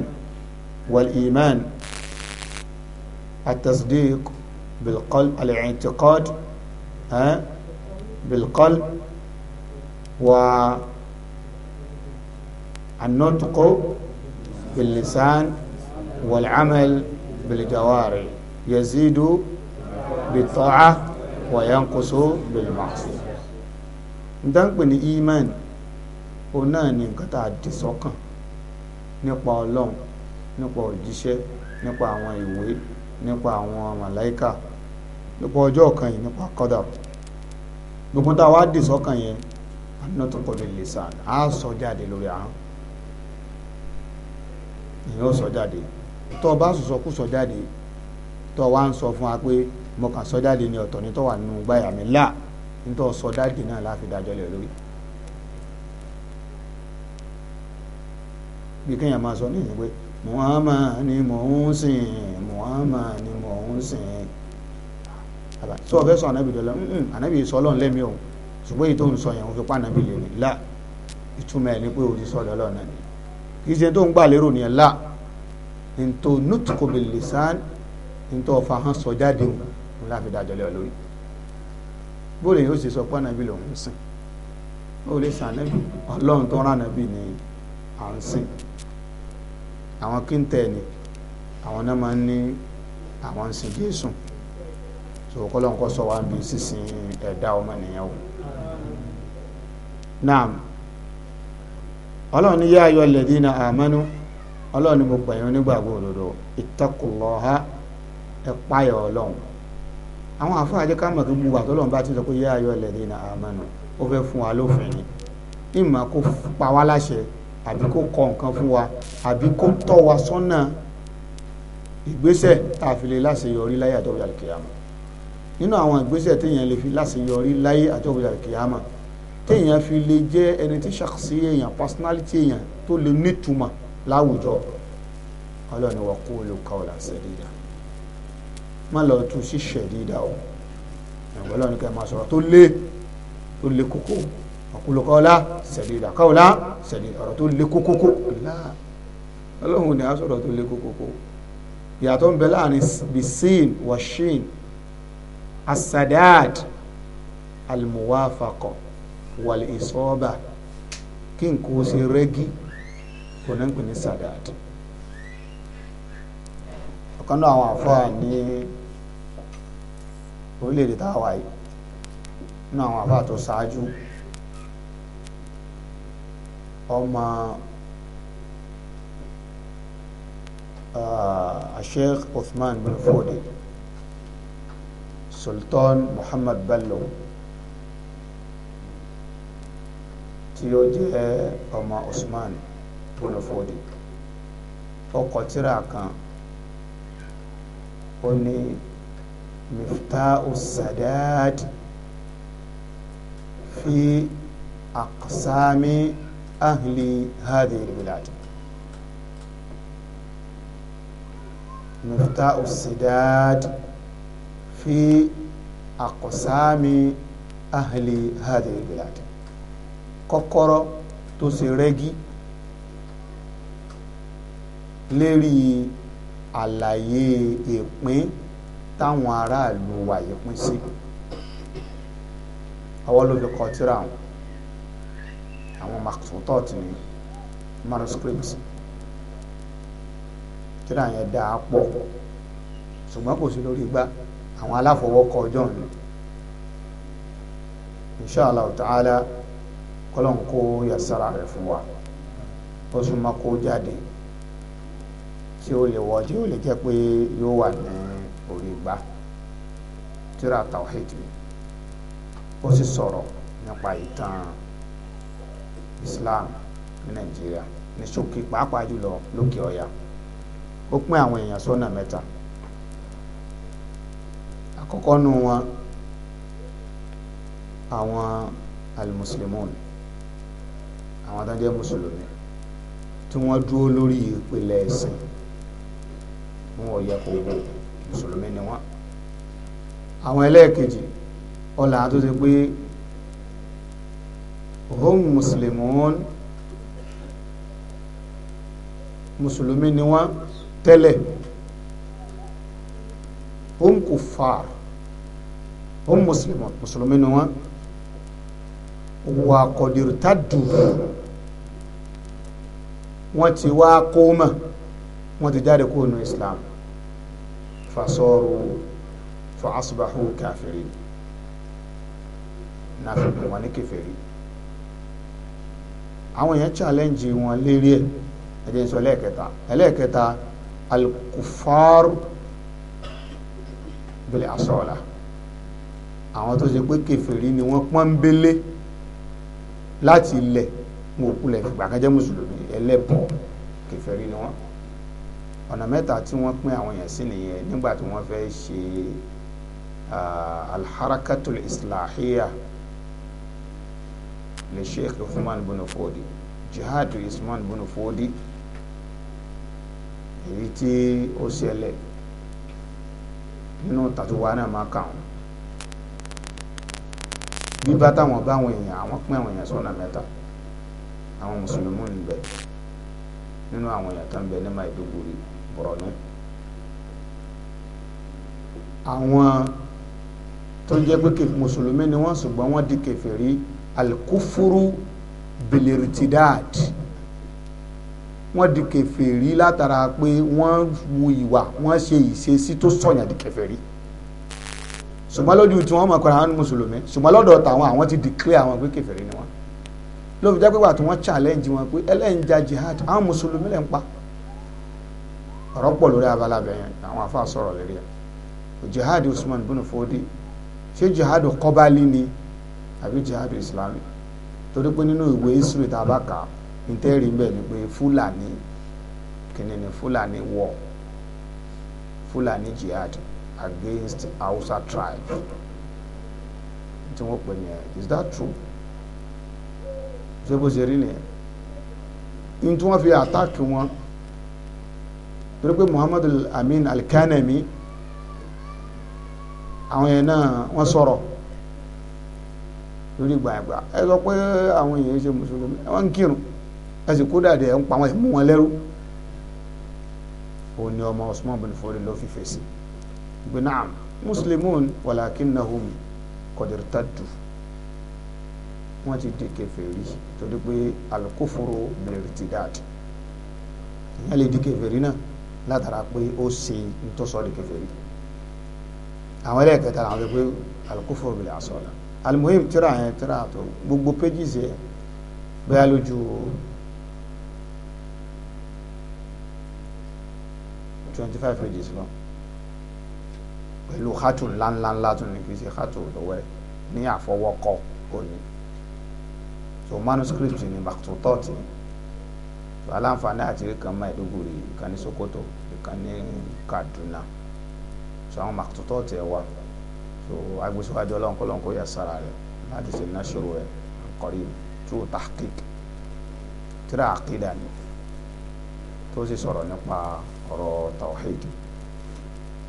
wal iman atasdiq bilqal al-i'tiqad eh, bilqal wa anotoko bilisan wal amal biljawari yazidu bita'a wa yanqusu bil ma'siyah níta ń pè ní iman òun náà ni nǹkan tá a dì sọ́kàn nípa ọlọ́run nípa òjíṣẹ́ nípa àwọn ìwé nípa àwọn màláíkà nípa ọjọ́ kan yìí nípa kọ́dà gbogbo tá a wá dì sọ́kàn yẹn anọ́tọ̀kọ̀ lè lè sàn á sọ jáde lórí ahọ́n ìyẹn ó sọ jáde tó o bá sọ sọ sọ jáde tó o wá ń sọ fún wa pé mo kàn sọ jáde ní ọ̀tọ̀ ní tó wà nínú gbáyà mi là nítorí sọ jáde náà láfi dájọ́ lè lórí. bí kéèyàn máa sọ ní pé Muhammad ni mò ń sìn Muhammad ni mò ń sìn tí wọ́n fẹ́ sọ ànábì dọ́là ànábì sọ ọlọ́run lẹ́mí o ṣùgbọ́n èyí tó ń sọ yẹn òun fi pa ànábì lè rìn là ìtumọ̀ ẹ̀ ni pé o ti sọ ọ̀dọ́lọ́ náà ni kì í ṣe tó ń gbà lérò nìyẹn là ntò nutukobilisan ntò fahàn sọ jáde o. láfi dájọ́ lé yi o bóòlù yìí ó sì sọ pé ànábì lòun ń sìn ó lè ọlọ́run tó rán ni à ń sìn àwọn kíntẹ́ẹ̀nì àwọn náà máa ń ní àwọn ń sìn Jésù sòkòlọ́n kọ́ sọ wá bí sísìn ẹ̀dá ọmọnìyàn o naam ọlọ́run ní yá ayọ̀ lẹ́dínà àmánú ọlọ́run ní mo gbà yín onígbàgbọ́ ha ìtọ́kùlọ́ha ẹ̀páyọ̀ ọlọ́run àwọn àfáà jẹ́ ká mọ̀ kí gbogbo àtọ́lọ́n bá ti sọ pé yá ayọ́ ẹlẹ́dẹ́ náà àmọ́nà ó fẹ́ fún wa lófin ni ìmọ̀ kó pa wá láṣẹ àbí kó kọ nǹkan fún wa àbí kó tọ́ wa sọ́nà ìgbésẹ̀ tá a fi lè láṣeyọrí láyé àtọ́wọ́jà lè kíyàmà nínú àwọn ìgbésẹ̀ téèyàn lè fi láṣeyọrí láyé àtọ́wọ́jà lè kíyàmà téèyàn fi lè jẹ́ ẹni tí ṣàkóso èèyàn personality èèyàn tó lè nítumọ̀ láwùjọ ọlọ́ni wà kó lè kọ́ ọ̀la ṣẹ́díyàn má lọ tú sí ṣẹ̀dídà o ìrànwọ́ lọ́nà kẹ́ máa sọ̀rọ̀ tó lé tó lé kókó ọ̀kúlùkọ́ ọlá ṣẹ̀dídà káwọlá ṣẹ̀dídà ọ̀rọ̀ tó lé kókókó ọlọ́run ni a sọ̀rọ̀ tó lé kókókó ìyàtọ̀ ń bẹ láàrin bisin washin asadad almuwafakọ wàlẹ̀ ìsọ́ọ̀bà kí n kò ṣe rẹ́gí kò náà ń pè ní sadad ọ̀kan náà àwọn àfọ́ ní orílẹ̀-èdè tá a wà yìí nínú àwọn àbá tó ṣáájú ọmọ ah, Sheikh Uthman bin Fodi Sultan Muhammad Bello tí ó jẹ́ ọmọ Usman bin Fodi ó kọ kan ó ní. مفتاح السداد في أقسام أهل هذه البلاد مفتاح السداد في أقسام أهل هذه البلاد kọ́kọ́rọ́ tó ṣe rẹ́gí lérí àlàyé ìpín táwọn aráàlú wa yìí pín sí àwọn ló fi kọ tírà àwọn àwọn maksutọt ní manuscript tírà yẹn dáa pọ̀ ṣùgbọ́n kò sí lórí igbá àwọn aláfọwọ́kọ ọjọ́ ni inshallah ta'ala kọlọ́n kó yasara rẹ̀ fún wa ó sún mọ́ kó jáde tí ó lè wọ́ tí ó lè jẹ́ pé yóò wà ní kò rí gbà tíra tawhid mi ó sì sọ̀rọ̀ nípa ìtàn Islam ní Nàìjíríà ní ṣókí pàápàá jùlọ lókè ọ̀yà ó pín àwọn èèyàn sọ́nà mẹ́ta àkọ́kọ́ nu wọn àwọn alimuslimun àwọn tó jẹ́ mùsùlùmí tí wọ́n dúró lórí ìpìlẹ̀ ẹ̀sìn wọn ò yẹ kó wọ́n mùsùlùmí ni wọ́n àwọn ẹlẹ́ẹ̀kejì ọlà tó ti pé hum muslimun mùsùlùmí ni wọ́n tẹ́lẹ̀ hum kuffar hum muslimun mùsùlùmí ni wọ́n wà kọ̀dìrìtà dùn wọ́n ti wá kó mọ̀ wọ́n ti jáde kó nu islam fasoru fa'asubahu كافرين nàfikún wọn ní kẹfẹ́rí àwọn èèyàn challenge wọn lérí ẹ̀ ẹ̀jẹ̀ sọ ẹlẹ́ẹ̀kẹta ẹlẹ́ẹ̀kẹta alkufar bil asọ́ọ̀la àwọn tó ṣe pé kẹfẹ́rí ni wọ́n pọ́nbélé láti ilẹ̀ wọn ò kulẹ̀ fìgbà kan mùsùlùmí ẹlẹ́bọ̀ kẹfẹ́rí ni wọ́n ọ̀nà mẹ́ta tí wọ́n pín àwọn èèyàn sí nìyẹn nígbà tí wọ́n fẹ́ ṣe alharakatul islahiyya lè sheikh Uthman bin Fodi jihadu Uthman bin Fodi èyí tí ó ṣẹlẹ̀ nínú tàtúwá náà máa kà wọ́n bíbá táwọn bá àwọn èèyàn àwọn pín àwọn èèyàn sọ́nà mẹ́ta àwọn mùsùlùmí ń bẹ nínú àwọn èèyàn tó ń bẹ ní Maiduguri Borno àwọn tó jẹ́ pé mùsùlùmí ni wọ́n ṣùgbọ́n wọ́n di kèfèrí alkufuru bilirtidad wọ́n di kèfèrí látara pé wọ́n wu ìwà wọ́n ṣe ìṣesí tó sọ̀yàn di kèfèrí ṣùgbọ́n lójú tí wọ́n mọ̀ pé àwọn mùsùlùmí ṣùgbọ́n lọ́dọ̀ tàwọn àwọn ti declare àwọn pé kèfèrí ni wọ́n ló fi jẹ́ pé wà tí wọ́n challenge wọn pé ẹlẹ́yinja jihad àwọn mùsùlùmí lẹ́ ń pa ọ̀rọ̀ pọ̀ lórí abala bẹ̀yẹn àwọn afa sọ̀rọ̀ lórí ẹ̀ jihad usman bin fodi ṣé jihad kọ́bálí ni àbí jihad islami torí pé nínú ìwé history tá a bá kà ní tẹ́rì ń bẹ̀ ni pé fúlàní kìnìún ni fúlàní war fúlàní jihad against hausa tribe tí wọ́n pè yẹn is that true ṣé bó ṣe rí nìyẹn ní tí wọ́n fi àtàkì wọn torí pé Muhammadu Amin Al-Kanemi àwọn yẹn náà wọ́n sọ̀rọ̀ lórí gbàgbà ẹ sọ pé àwọn èèyàn ṣe mùsùlùmí wọ́n ń kírun ẹ sì kó dàdé ẹ ń pa wọn ẹ mú wọn lẹ́rú òun ni ọmọ Usman bin Fodio ló fi fèsì gbé náà muslimun walakinnahum kọ̀dìrìtàdù wọ́n ti di kèfèrí torí pé alukófóró bẹ̀rẹ̀ ti lè di kèfèrí náà látara pé ó ṣe ntọ́sọ́ di kèfèrí àwọn ẹlẹ́ẹ̀kẹta làwọn pé alukófòrò bìlẹ̀ àsọ̀lá alimuhim tíra yẹn tíra tó gbogbo pages yẹ bẹ́ẹ̀ lójú twenty five pages lọ pẹ̀lú hatu ńláńláńlá tó ní kì í ṣe hatu lọ́wọ́ ẹ̀ ní àfọwọ́kọ òní so manuscript ni bàtútọ́ọ̀tì ni aláǹfààní àti ìkan Maiduguri ìkan ní Sokoto ìkan ní Kaduna so àwọn màkútọ́ tẹ̀ wá so agbésíwájú ọlọ́run kọ́ lọ́n kó yà sára rẹ̀ láti ṣe náà ṣòro rẹ̀ kọ́rí true tahqiq tíra àkídà ni tó sì sọ̀rọ̀ nípa ọ̀rọ̀ tawhid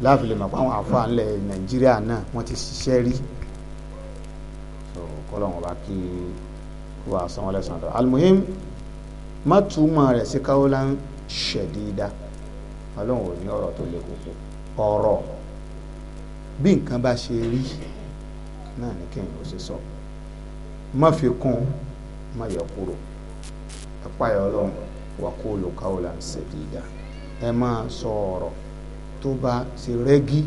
láàfin mọ̀ pé àwọn Nàìjíríà náà wọ́n ti ṣiṣẹ́ rí so kọ́ lọ́n wọn bá kí wọ́n á sanwó lẹ́sàn-án almuhim má túmọ̀ rẹ̀ sí qawlan shadida ọlọ́run ò ní ọ̀rọ̀ tó le koko ọ̀rọ̀ bí nǹkan bá ṣe rí náà ní kéèyàn ó ṣe sọ má fi kún má yọ kúrò apá ẹ̀ ọlọ́run wa qulu qawlan sadida ẹ máa sọ ọ̀rọ̀ tó bá ṣe rẹ́gí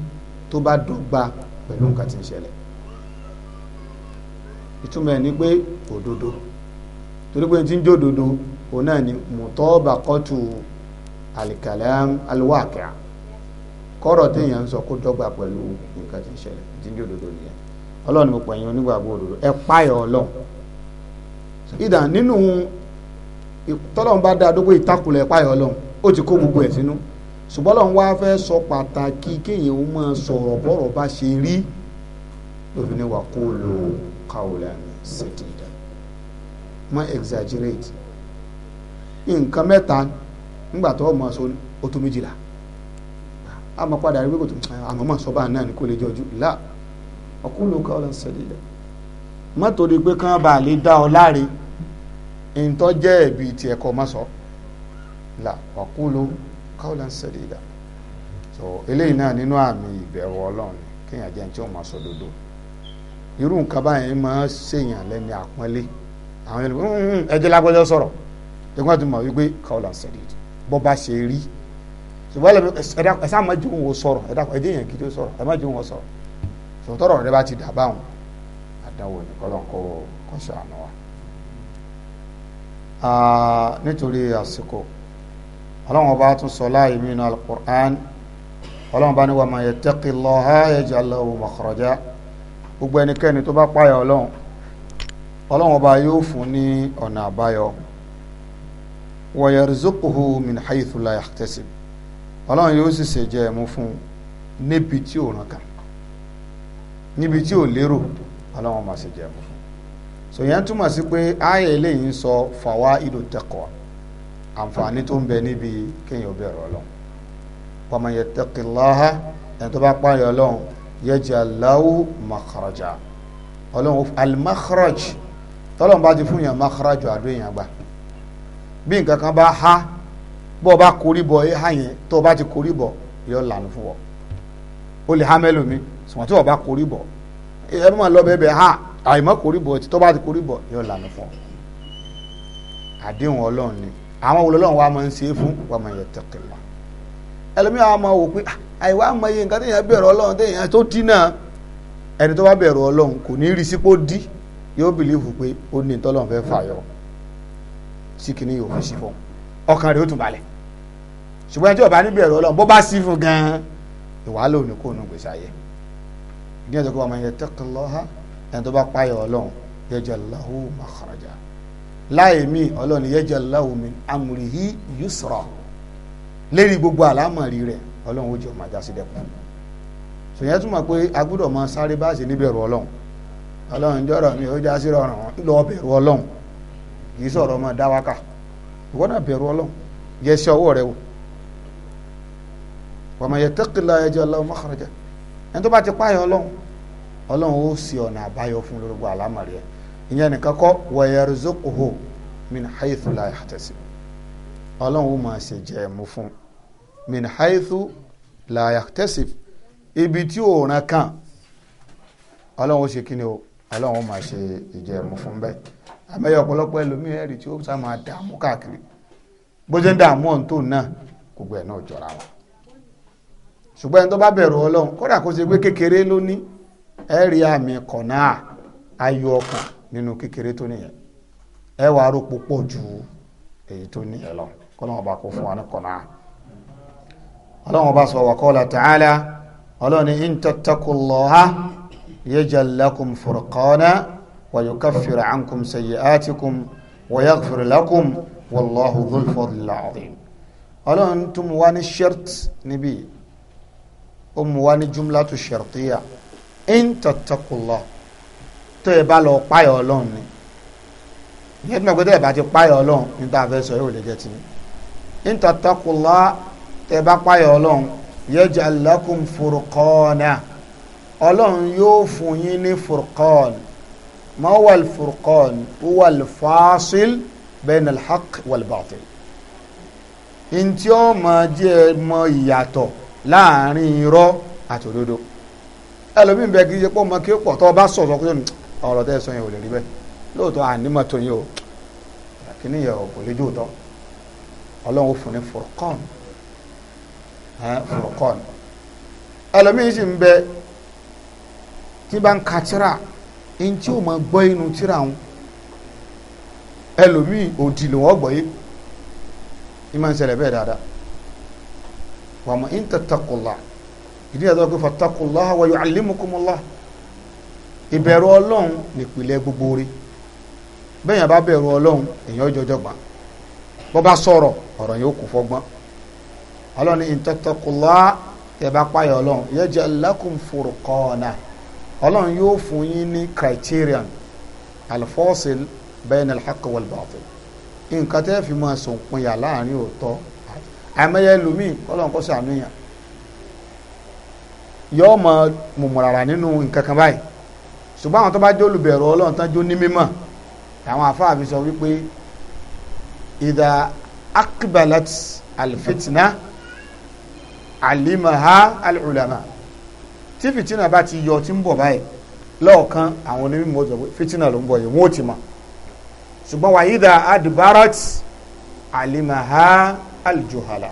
tó bá dọ́gba pẹ̀lú nǹkan tí ń ṣẹlẹ̀ ìtumọ̀ ẹ̀ ni pé òdodo torí pé ti ń jó òdodo òun ni mutabaqatu al-kalam al-waqi' kọ́rọ̀ téèyàn ń sọ kó dọ́gba pẹ̀lú nǹkan tí ń ṣẹlẹ̀ dídí òdodo nìyẹn ọlọ́run mo pẹ̀yìn onígbàgbọ́ òdodo ẹ páyọ̀ ọlọ́run ìdá nínú tọ́lọ́run bá dá dógó ìtakùlẹ̀ ẹ páyọ̀ ọlọ́run ó ti kó gbogbo ẹ̀ sínú ṣùgbọ́n lọ́run wá fẹ́ sọ pàtàkì kéèyàn ó máa sọ̀rọ̀ bọ́rọ̀ bá ṣe rí lóbìnrin wà kó lò káwọlẹ̀ ṣètìlẹ̀ má exaggerate nǹkan mẹ́ta nígbà tó mọ̀ so méjìlá a máa padà rí wípé tó àmọ́ mọ̀ sọ́ba náà ni kò lè là ọkùnrin kan lọ sọ dídá má pé kán ẹ̀kọ́ sọ là ọkùnrin eléyìí náà nínú àmì ìbẹ̀rù ọlọ́run kéèyàn jẹ́ sọ dodo irú nǹkan báyìí máa ṣèyàn lẹ́ni àpọ́nlé àwọn ẹ̀jẹ̀ tẹ̀kún àti mọ̀ wípé kọ́ọ̀lá sẹ̀díd bọ́ bá ṣe rí ṣùgbọ́n ẹ sá máa jóun wo sọ̀rọ̀ ẹ dákun ẹ dé yẹn kí tó sọ̀rọ̀ ẹ má jóun wo sọ̀rọ̀ sọ̀tọ̀rọ̀ rẹ bá ti dà báwọn àdánwò ní kọ́lọ́nkọ́ kọ́ ṣàánú wa. nítorí àsìkò ọlọ́run ọba tún sọ láàyè mí náà alukur'an ọlọ́run ọba ní wa man yattaqillaha yaj'al lahu makhraja gbogbo ẹnikẹ́ni tó bá páyà ọlọ́run ọlọ́run ọba yóò fún ní ọ̀nà àbáyọ wa yarzuquhu min haythu la yahtasib ọlọ́run yóò sì ṣe jẹ́ ẹ̀mú fún níbi tí ò ràn kàn níbi tí ò lérò ọlọ́run máa ṣe jẹ́ ẹ̀mú fún so yẹn túmọ̀ sí pé ayé eléyìí ń sọ fawaidu taqwa àǹfààní tó ń bẹ níbi kéèyàn bẹ̀rù ọlọ́run wa man ẹni tó bá pààyàn ọlọ́run yaj'al lahu makhraja ọlọ́run al tọ́lọ́run bá ti fún yàn makhraj àdó èèyàn gbà bí nǹkan kan bá há bó o bá korí bọ ẹ há yẹn tó o bá ti korí bọ yọ lànà fún ọ o lè há mẹ́lòmí sùnwọ́n tí o bá korí bọ ẹ má lọ bẹ́ẹ̀ bẹ́ẹ̀ há àìmọ́ korí bọ tó o bá ti korí bọ yọ lànà fún ọ àdéhùn ọlọ́run ni àwọn olólùwọ́n wa máa ń ṣe é fún wa máa yẹ tẹ̀kẹ̀lá ẹlòmíràn wa máa wò pé ah, àìwá àmọye nǹkan téèyàn bẹ̀rù ọlọ́run téèyàn tó dín náà ẹni tó bá bẹ̀rù ọlọ́run kò ní rí sípò dí yóò sí kìíní yóò fi sí fún ọkàn rẹ̀ ó tún balẹ̀ ṣùgbọ́n ẹni tí ọba níbi ẹ̀rọ ọlọ́run bó bá sí fún gan-an ìwà lòun ni kò nù gbèsè ayé ìdí ẹ̀dọ́gbọ́n ọmọ yẹn tẹ́kọ̀lọ́há ẹni tó bá páyọ̀ ọlọ́run yẹjọ lahu makharaja láì mí ọlọ́run yẹjọ lahu min amrihi yusra lérí gbogbo àlámọ̀rí rẹ̀ ọlọ́run ó jẹ́ ọmọ àjàsí dẹ́kun sòyẹn túmọ̀ pé a máa sáré báàsì níbẹ̀rù ọlọ́run ọlọ́run jọ̀rọ̀ mi ó jásí rọrùn lọ́ọ́ bẹ̀rù ọlọ́run kì í sọ̀rọ̀ ọmọ dáwákà ìwọ náà bẹ̀rù ọlọ́run yẹ sí ọwọ́ rẹ wò wa man yattaqillah yaj'al lahu makhraja ẹni tó bá ti páyọ ọlọ́run ọlọ́run ó sì ọ̀nà àbáyọ fún lórúkọ àlámọ̀rí ẹ ìyẹn nìkan kọ́ wa yarzuquhu min haythu la yahtasib ọlọ́run ó máa ṣe jẹ́ mú fún min haythu la yahtasib ibi tí òòràn kan ọlọ́run ó ṣe kí ni o ọlọ́run ó máa ṣe ìjẹ́ mú fún bẹ́ẹ̀. àmẹ́yẹ ọ̀pọ̀lọpọ̀ ẹlòmíràn rí tí ó sá máa dààmú káàkiri bó ṣe ń dààmú tó náà gbogbo ẹ̀ náà jọra wọn ṣùgbọ́n ẹni tó bá bẹ̀rù ọlọ́run kódà kó ṣe pé kékeré ló ní àmì kọ̀nà ayọ̀ ọkàn nínú kékeré tó nìyẹn pọ̀ ju èyí tó lọ bá kó fún wa ní kọ̀nà ọlọ́run bá sọ ọlọ́run ويكفر عنكم سيئاتكم ويغفر لكم والله ذو الفضل العظيم ọlọ́run tún wá ní shirt níbí ó mú wá ní jumlatu shirtiya in tattakullah tó ẹ bá lọ páyọ ọlọ́run ni ìyẹn tó náà pé tó ẹ bá ti páyọ ọlọ́run ní tá a fẹ́ sọ yóò lè jẹ́ tìmí in tattakullah tó ẹ bá páyọ ọlọ́run yaj'al lakum furqana ọlọ́run yóò fún yín ní furqana ما هو الفرقان هو الفاصل بين الحق والباطل ntí ó máa jẹ́ mọ ìyàtọ̀ láàrin irọ́ àti òdodo ẹlòmíín bẹ kí n ṣe pé ọmọ kí ó pọ̀ tó o bá sọ̀rọ̀ kó ọ̀rọ̀ tẹ́ ẹ sọ yẹn ò lè rí bẹ́ẹ̀ lóòótọ́ ànímọ̀ tó yẹ o kíní yẹ o kò lè jó tọ́ ọlọ́run fún ni furqan furqan ẹlòmíín sì ń bẹ tí bá ń ka tíra in tí o mọ gbọ́ inú tíra wọn ẹlòmíì òdì lòun ọgbọ̀ yìí ìmọ̀ ìṣẹ̀lẹ̀ bẹ́ẹ̀ dáadáa wàmọ̀ in tattaqullaha ìdí àti ọkọ̀ fattaqullaha wa yu'allimukumullah ìbẹ̀rù ọlọ́run nípìnlẹ̀ gbogbo rí bẹ́ẹ̀yàn bá bẹ̀rù ọlọ́run èèyàn jọjọ gbà bọ́ bá sọ̀rọ̀ ọ̀rọ̀ yóò kù fọgbọ́n ọlọ́run in tattaqullaha ẹ̀ bá ọlọ́run ọlọ́run yóò fún yín ní criterion alfosil bẹ́ẹ̀ni alhaq wal batil nǹkan tẹ́ fi máa sòpin yà láàrin òótọ́ àmẹ́yẹ lómi ọlọ́run kọ́ sàánú yàn yóò mọ mùmùràrà nínú nǹkan kan báyìí ṣùgbọ́n àwọn tó bá jó olùbẹ̀rù ọlọ́run tán jó ní mímọ́ àwọn àfáà fi sọ wípé ìdá akbalat alfitna alimaha alulama. Al tí fìtínà bá ti yọ tí ń bọ̀ báyìí lọ́ọ̀kan àwọn onímọ̀ ọ̀dọ̀ fìtínà ló ń bọ̀ yìí wọ́n ò ti mọ̀ ṣùgbọ́n wà yídà adbarat alimaha aljuhala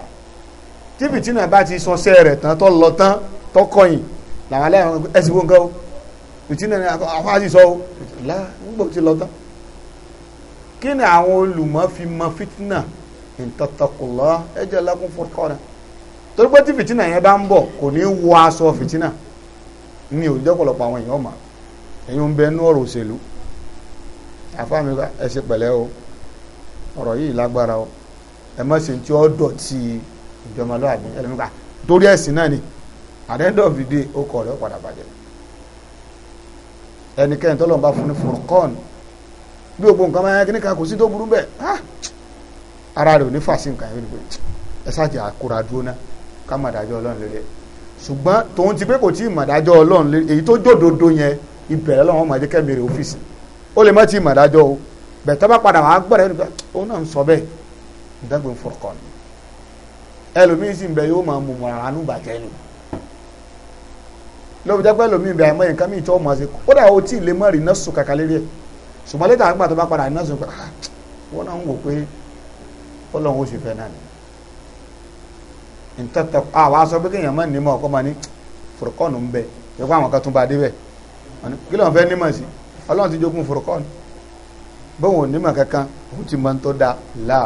tí fìtínà bá ti sọ sẹ́ẹ̀ rẹ̀ tán tó lọ tán tó kọ̀yìn làwọn alẹ́ àwọn ẹ̀sìn gbọ̀ngàn o fìtínà ni àwọn àti sọ o là ń gbọ̀ ti lọ tán kí ni àwọn olùmọ̀ fi mọ fìtínà ìtọ̀tọ̀kùlọ́ ẹ̀jẹ̀ lákùn fọ́kọ́ rẹ̀ torí pé tí fìtínà yẹn bá ń bọ̀ kò ní wọ aṣọ fìtínà ní òjò pọ̀lọpọ̀ àwọn èèyàn mà èyí ń bẹ nú ọ̀rọ̀ òṣèlú àfáàmì ẹ ṣe pẹ̀lẹ́ o ọ̀rọ̀ yìí lágbára o ẹ má ṣe tí ó dọ̀tí ìjọba lọ́àbí ẹlẹ́mìkà torí ẹ̀sìn náà ni at the end of the day ó kọ̀ ọ̀rẹ́ padà bàjẹ́ ẹnikẹ́ni tọ́lọ́ bá fún ní furcon bí o gbọ́ nǹkan máa ń kíníkà kò sí tó burú bẹ́ẹ̀ ara rẹ̀ ò ní fàṣí nǹkan yẹn ẹ sáà jẹ́ àkúrà dúró ná ká má dájọ́ ọlọ́run lórí ṣùgbọ́n tòun ti pé kò tí ì mọ̀dájọ́ ọlọ́run èyí tó jòdodo yẹn ìbẹ̀rẹ̀ lọ́wọ́ máa jẹ́ kẹ́mi rè ọ́fíìsì ó lè má ti mọ̀dájọ́ o bẹ̀ tọ́ bá padà wàá gbọ́dọ̀ ẹni pé òun náà ń sọ bẹ́ẹ̀ ìdágbèm fọ̀rọ̀kọ́ ni ẹlòmíín sì ń bẹ yóò máa mú mọ̀ràn àánú bàjẹ́ ni lọ́bi jápẹ́ ẹlòmíín bẹ àìmọye nǹkan mìíràn máa ṣe kódà o tí ì lè má rí nọ́ọ̀sù kàkà lérí ẹ̀ ṣùgbọ́n lẹ́tà àgbà tó bá padà nọ́ọ̀sù kàkà ah, wọ́n náà ń wò pé ọlọ́run ó ṣe fẹ́ náà nìyẹn ntọ́tọ́ àwọn aṣọ pé kéèyàn mọ̀ nímọ̀ ọkọ máa ní fòrókọ́ọ̀nù ń bẹ yẹ kó àwọn kan tún bá dé bẹ̀ kí lóun fẹ́ nímọ̀ sí ọlọ́run ti jogún fòrókọ́ọ̀nù bóun ò nímọ̀ kankan òun ti mọ tó da láà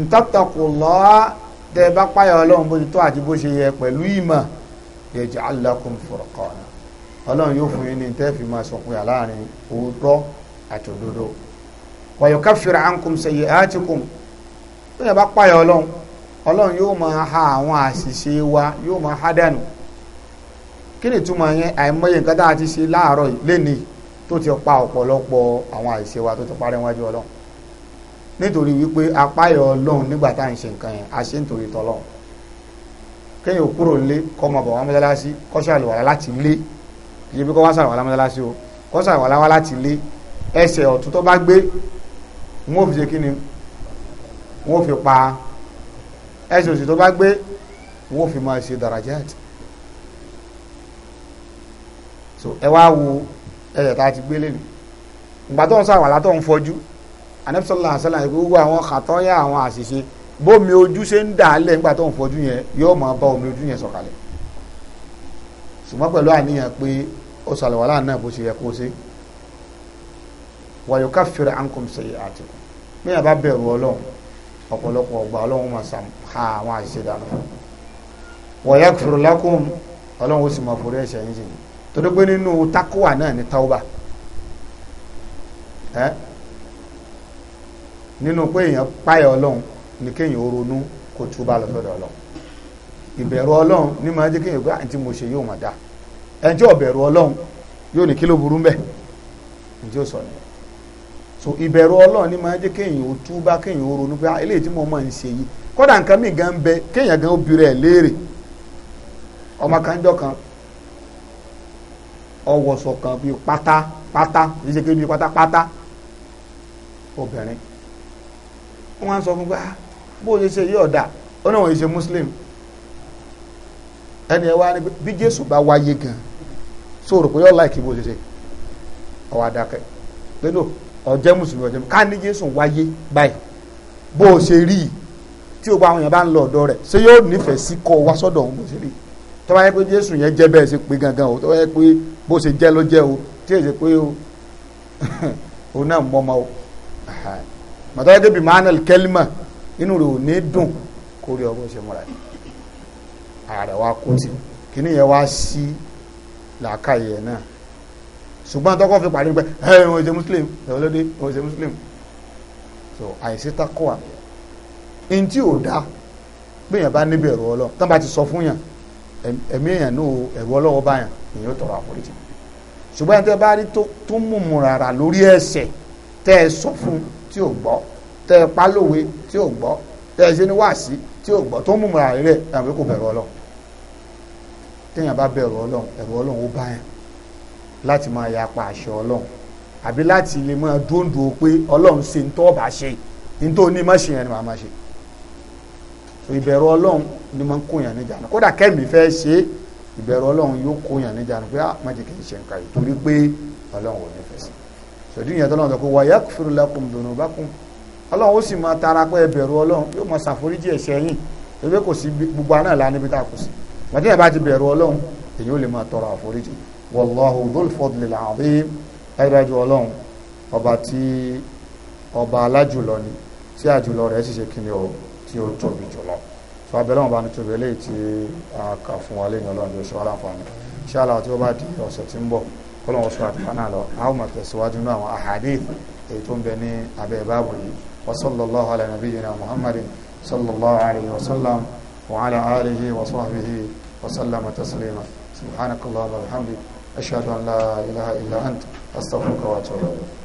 ntọ́tọ́kù lọ́ọ́ tẹ bá páyọ̀ ọlọ́run bó ti tó àti bó ṣe yẹ pẹ̀lú ìmọ̀ yaj'al lakum fòrókọ́ọ̀nù ọlọ́run yóò fún yín ní tẹ́ fi máa sọkún yà láàrin òótọ́ àti òdodo wa yukaffiru ankum sayyi'atikum bóyá bá páyọ̀ ọlọ́run ọlọ́run yóò máa ha àwọn àṣìṣe wa yóò máa ha dànù kí ni túmọ̀ yẹn àìmọye nǹkan tá a ti ṣe láàárọ̀ yìí léni tó ti pa ọ̀pọ̀lọpọ̀ àwọn àṣìṣe wa tó ti parẹ́ wájú ọlọ́run nítorí wípé apá ẹ̀ ọlọ́run nígbà tá à ń ṣe nǹkan yẹn a ṣe nítorí tọlọ́run kéèyàn ò kúrò lé kọ́mọ bọ̀ wá mọ́sálásí kọ́sàlùwàlá láti lé kì í bí kọ́ wá sàlùwàlá mọ́sálásí o kọ́sàlùwàlá wá láti lé ẹsẹ̀ ọ̀tún tó bá gbé wọ́n fi ṣe kí ni wọ́n fi pa á ẹsẹ̀ òsì tó bá gbé wọ́n fi máa ṣe darajat so ẹ wá wo ẹsẹ̀ tá a ti gbé lẹ́nu ìgbà tó ń sọ àwàlá tó ń fọjú anabisọ́lá àṣàlà ìgbé gbogbo àwọn kàtọ́yà àwọn àṣìṣe bómi ojú ṣe ń dà á lẹ̀ nígbà tó ń fọjú yẹn yóò máa bá omi ojú yẹn sọ̀kalẹ̀ ṣùgbọ́n pẹ̀lú àníyàn pé ó ṣàlùwàlá náà bó ṣe yẹ kó ṣe wàyò ká fèrè ankom ṣe àtìkù bẹ̀rù ọlọ́run ọ̀pọ̀lọpọ̀ ọgbà ọlọ́run máa àwọn àṣìṣe dànù wa yaghfir lakum ọlọ́run ó sì mọ̀ forí ẹ̀ṣẹ̀ yín jìn torí pé nínú takuwa náà ni tauba ẹ nínú pé èèyàn páyà ọlọ́run ni kéèyàn ronú kó túbà lọ sọ́dọ̀ ọlọ́run ìbẹ̀rù ọlọ́run ní máa jẹ́ kéèyàn gbé àǹtí ah, mo ṣe yóò máa dáa ẹni ọ̀bẹ̀rù ọlọ́run yóò ní kí burú mbẹ́ ní tí sọ nìyẹn so ìbẹ̀rù ọlọ́run ní máa jẹ́ kéèyàn ó túbà kéèyàn ó ronú pé ah, eléyìí tí mo máa ń ṣe yìí kódà nǹkan mìíràn gan bẹ kéèyàn gan obìnrin ẹ̀ léèrè ọmọ kan kan ọwọsọ kan bíi pátápátá yìí ṣe kébí pátápátá obìnrin wọ́n á sọ fún gbà ah, bó ṣe ṣe yí ó náà ṣe muslim ẹni ẹ wá ní bí jésù bá wáyé gan pé yọ láìkí bó ṣe ṣe mùsùlùmí ká ní jésù wáyé báyìí tí gbogbo àwọn èèyàn bá ń lọ ọ̀dọ̀ rẹ̀ ṣé yóò nífẹ̀ẹ́ sí kọ́ wá sọ́dọ̀ òun bó ṣe rí tó bá yẹ pé jésù yẹn jẹ́ bẹ́ẹ̀ ṣe pé gangan o tó bá yẹ pé bó ṣe jẹ́ ló jẹ́ o tí èsì pé o òun náà mọ ọmọ o màtọ́ yẹ kébi manuel kelma inú rẹ̀ ò ní dùn kó rí ọgbọ́n ṣe múra ara rẹ̀ wá kó tì kíní yẹn wá sí làákàyè náà ṣùgbọ́n tọ́kọ́ fi pàdé pé ẹ̀ ẹ̀ wọ́n ṣe muslim ẹ̀ wọ́n ṣe muslim so àìsí takọ́ àmì n tí ò dá bẹ́ẹ̀yàn bá níbi ẹ̀rọ ọlọ́ tán bá ti sọ fún yàn ẹ̀mí èèyàn náà ẹ̀rọ ọlọ́wọ́ bá yàn èèyàn tọrọ àforíjì ṣùgbọ́n ẹni tẹ́ bá rí tó mùmù rárá lórí ẹ̀ṣẹ̀ tẹ́ ẹ sọ fún tí ò gbọ́ tẹ́ ẹ pa lówe tí ò gbọ́ tẹ́ ẹ ṣe ní wáàsí tí ò gbọ́ tó mùmù rárá rẹ̀ ẹ̀rọ kò bẹ̀rù ọlọ́ téèyàn bá bẹ̀rù ọlọ́ ẹ̀rọ ọlọ́ ó bá yàn láti máa yapa àṣẹ ọlọ́run àbí láti lè máa dúndùn pé ọlọ́run ṣe ń tọ́ bá ṣe ń tó ní má ṣe yẹn ni màá má ṣe ìbẹ̀rù ọlọ́run ni máa ń kóyàn níjànú kódà kẹ́mi fẹ́ ṣe ìbẹ̀rù ọlọ́run yóò kóyàn níjànú pé ah, má jẹ́ kí n ṣe nǹkan yìí torí pé ọlọ́run ò ní fẹ́ sí ṣòdí ìyẹn tọ́lọ́run sọ pé wàyà fúru lakum dunubakum ọlọ́run ó sì máa tara pé ìbẹ̀rù ọlọ́run yóò máa ṣàforíjì ẹ̀ṣẹ̀ yín ewé kò sí gbogbo aná ìlànà ibi tá a kù sí màdínà bá ti bẹ̀rù ọlọ́run wallahu dhul fadlil azim ẹ̀dájú ọlọ́run ọba tí ọba alájùlọ ni tí ó tóbi jùlọ sọ abẹ́rẹ́ wọn bá ní tóbi eléyìí tí a kà fún wa lẹ́yìn ọlọ́run ló ṣe wá láǹfààní ṣáàlà tí ó bá di ọ̀sẹ̀ tí ń bọ̀ kọ́lọ́n wọ́n sọ àtúfáná lọ a ó máa tẹ̀síwájú nínú àwọn ahadith èyí tó ń bẹ ní abẹ́ báàbò yìí wa sallallahu ala nabiyyina muhammadin sallallahu alayhi wa sallam wa ala wa sahbihi wa sallama taslima subhanakallah wa bihamdik ashhadu an la ilaha illa ant astaghfiruka wa atubu ilayk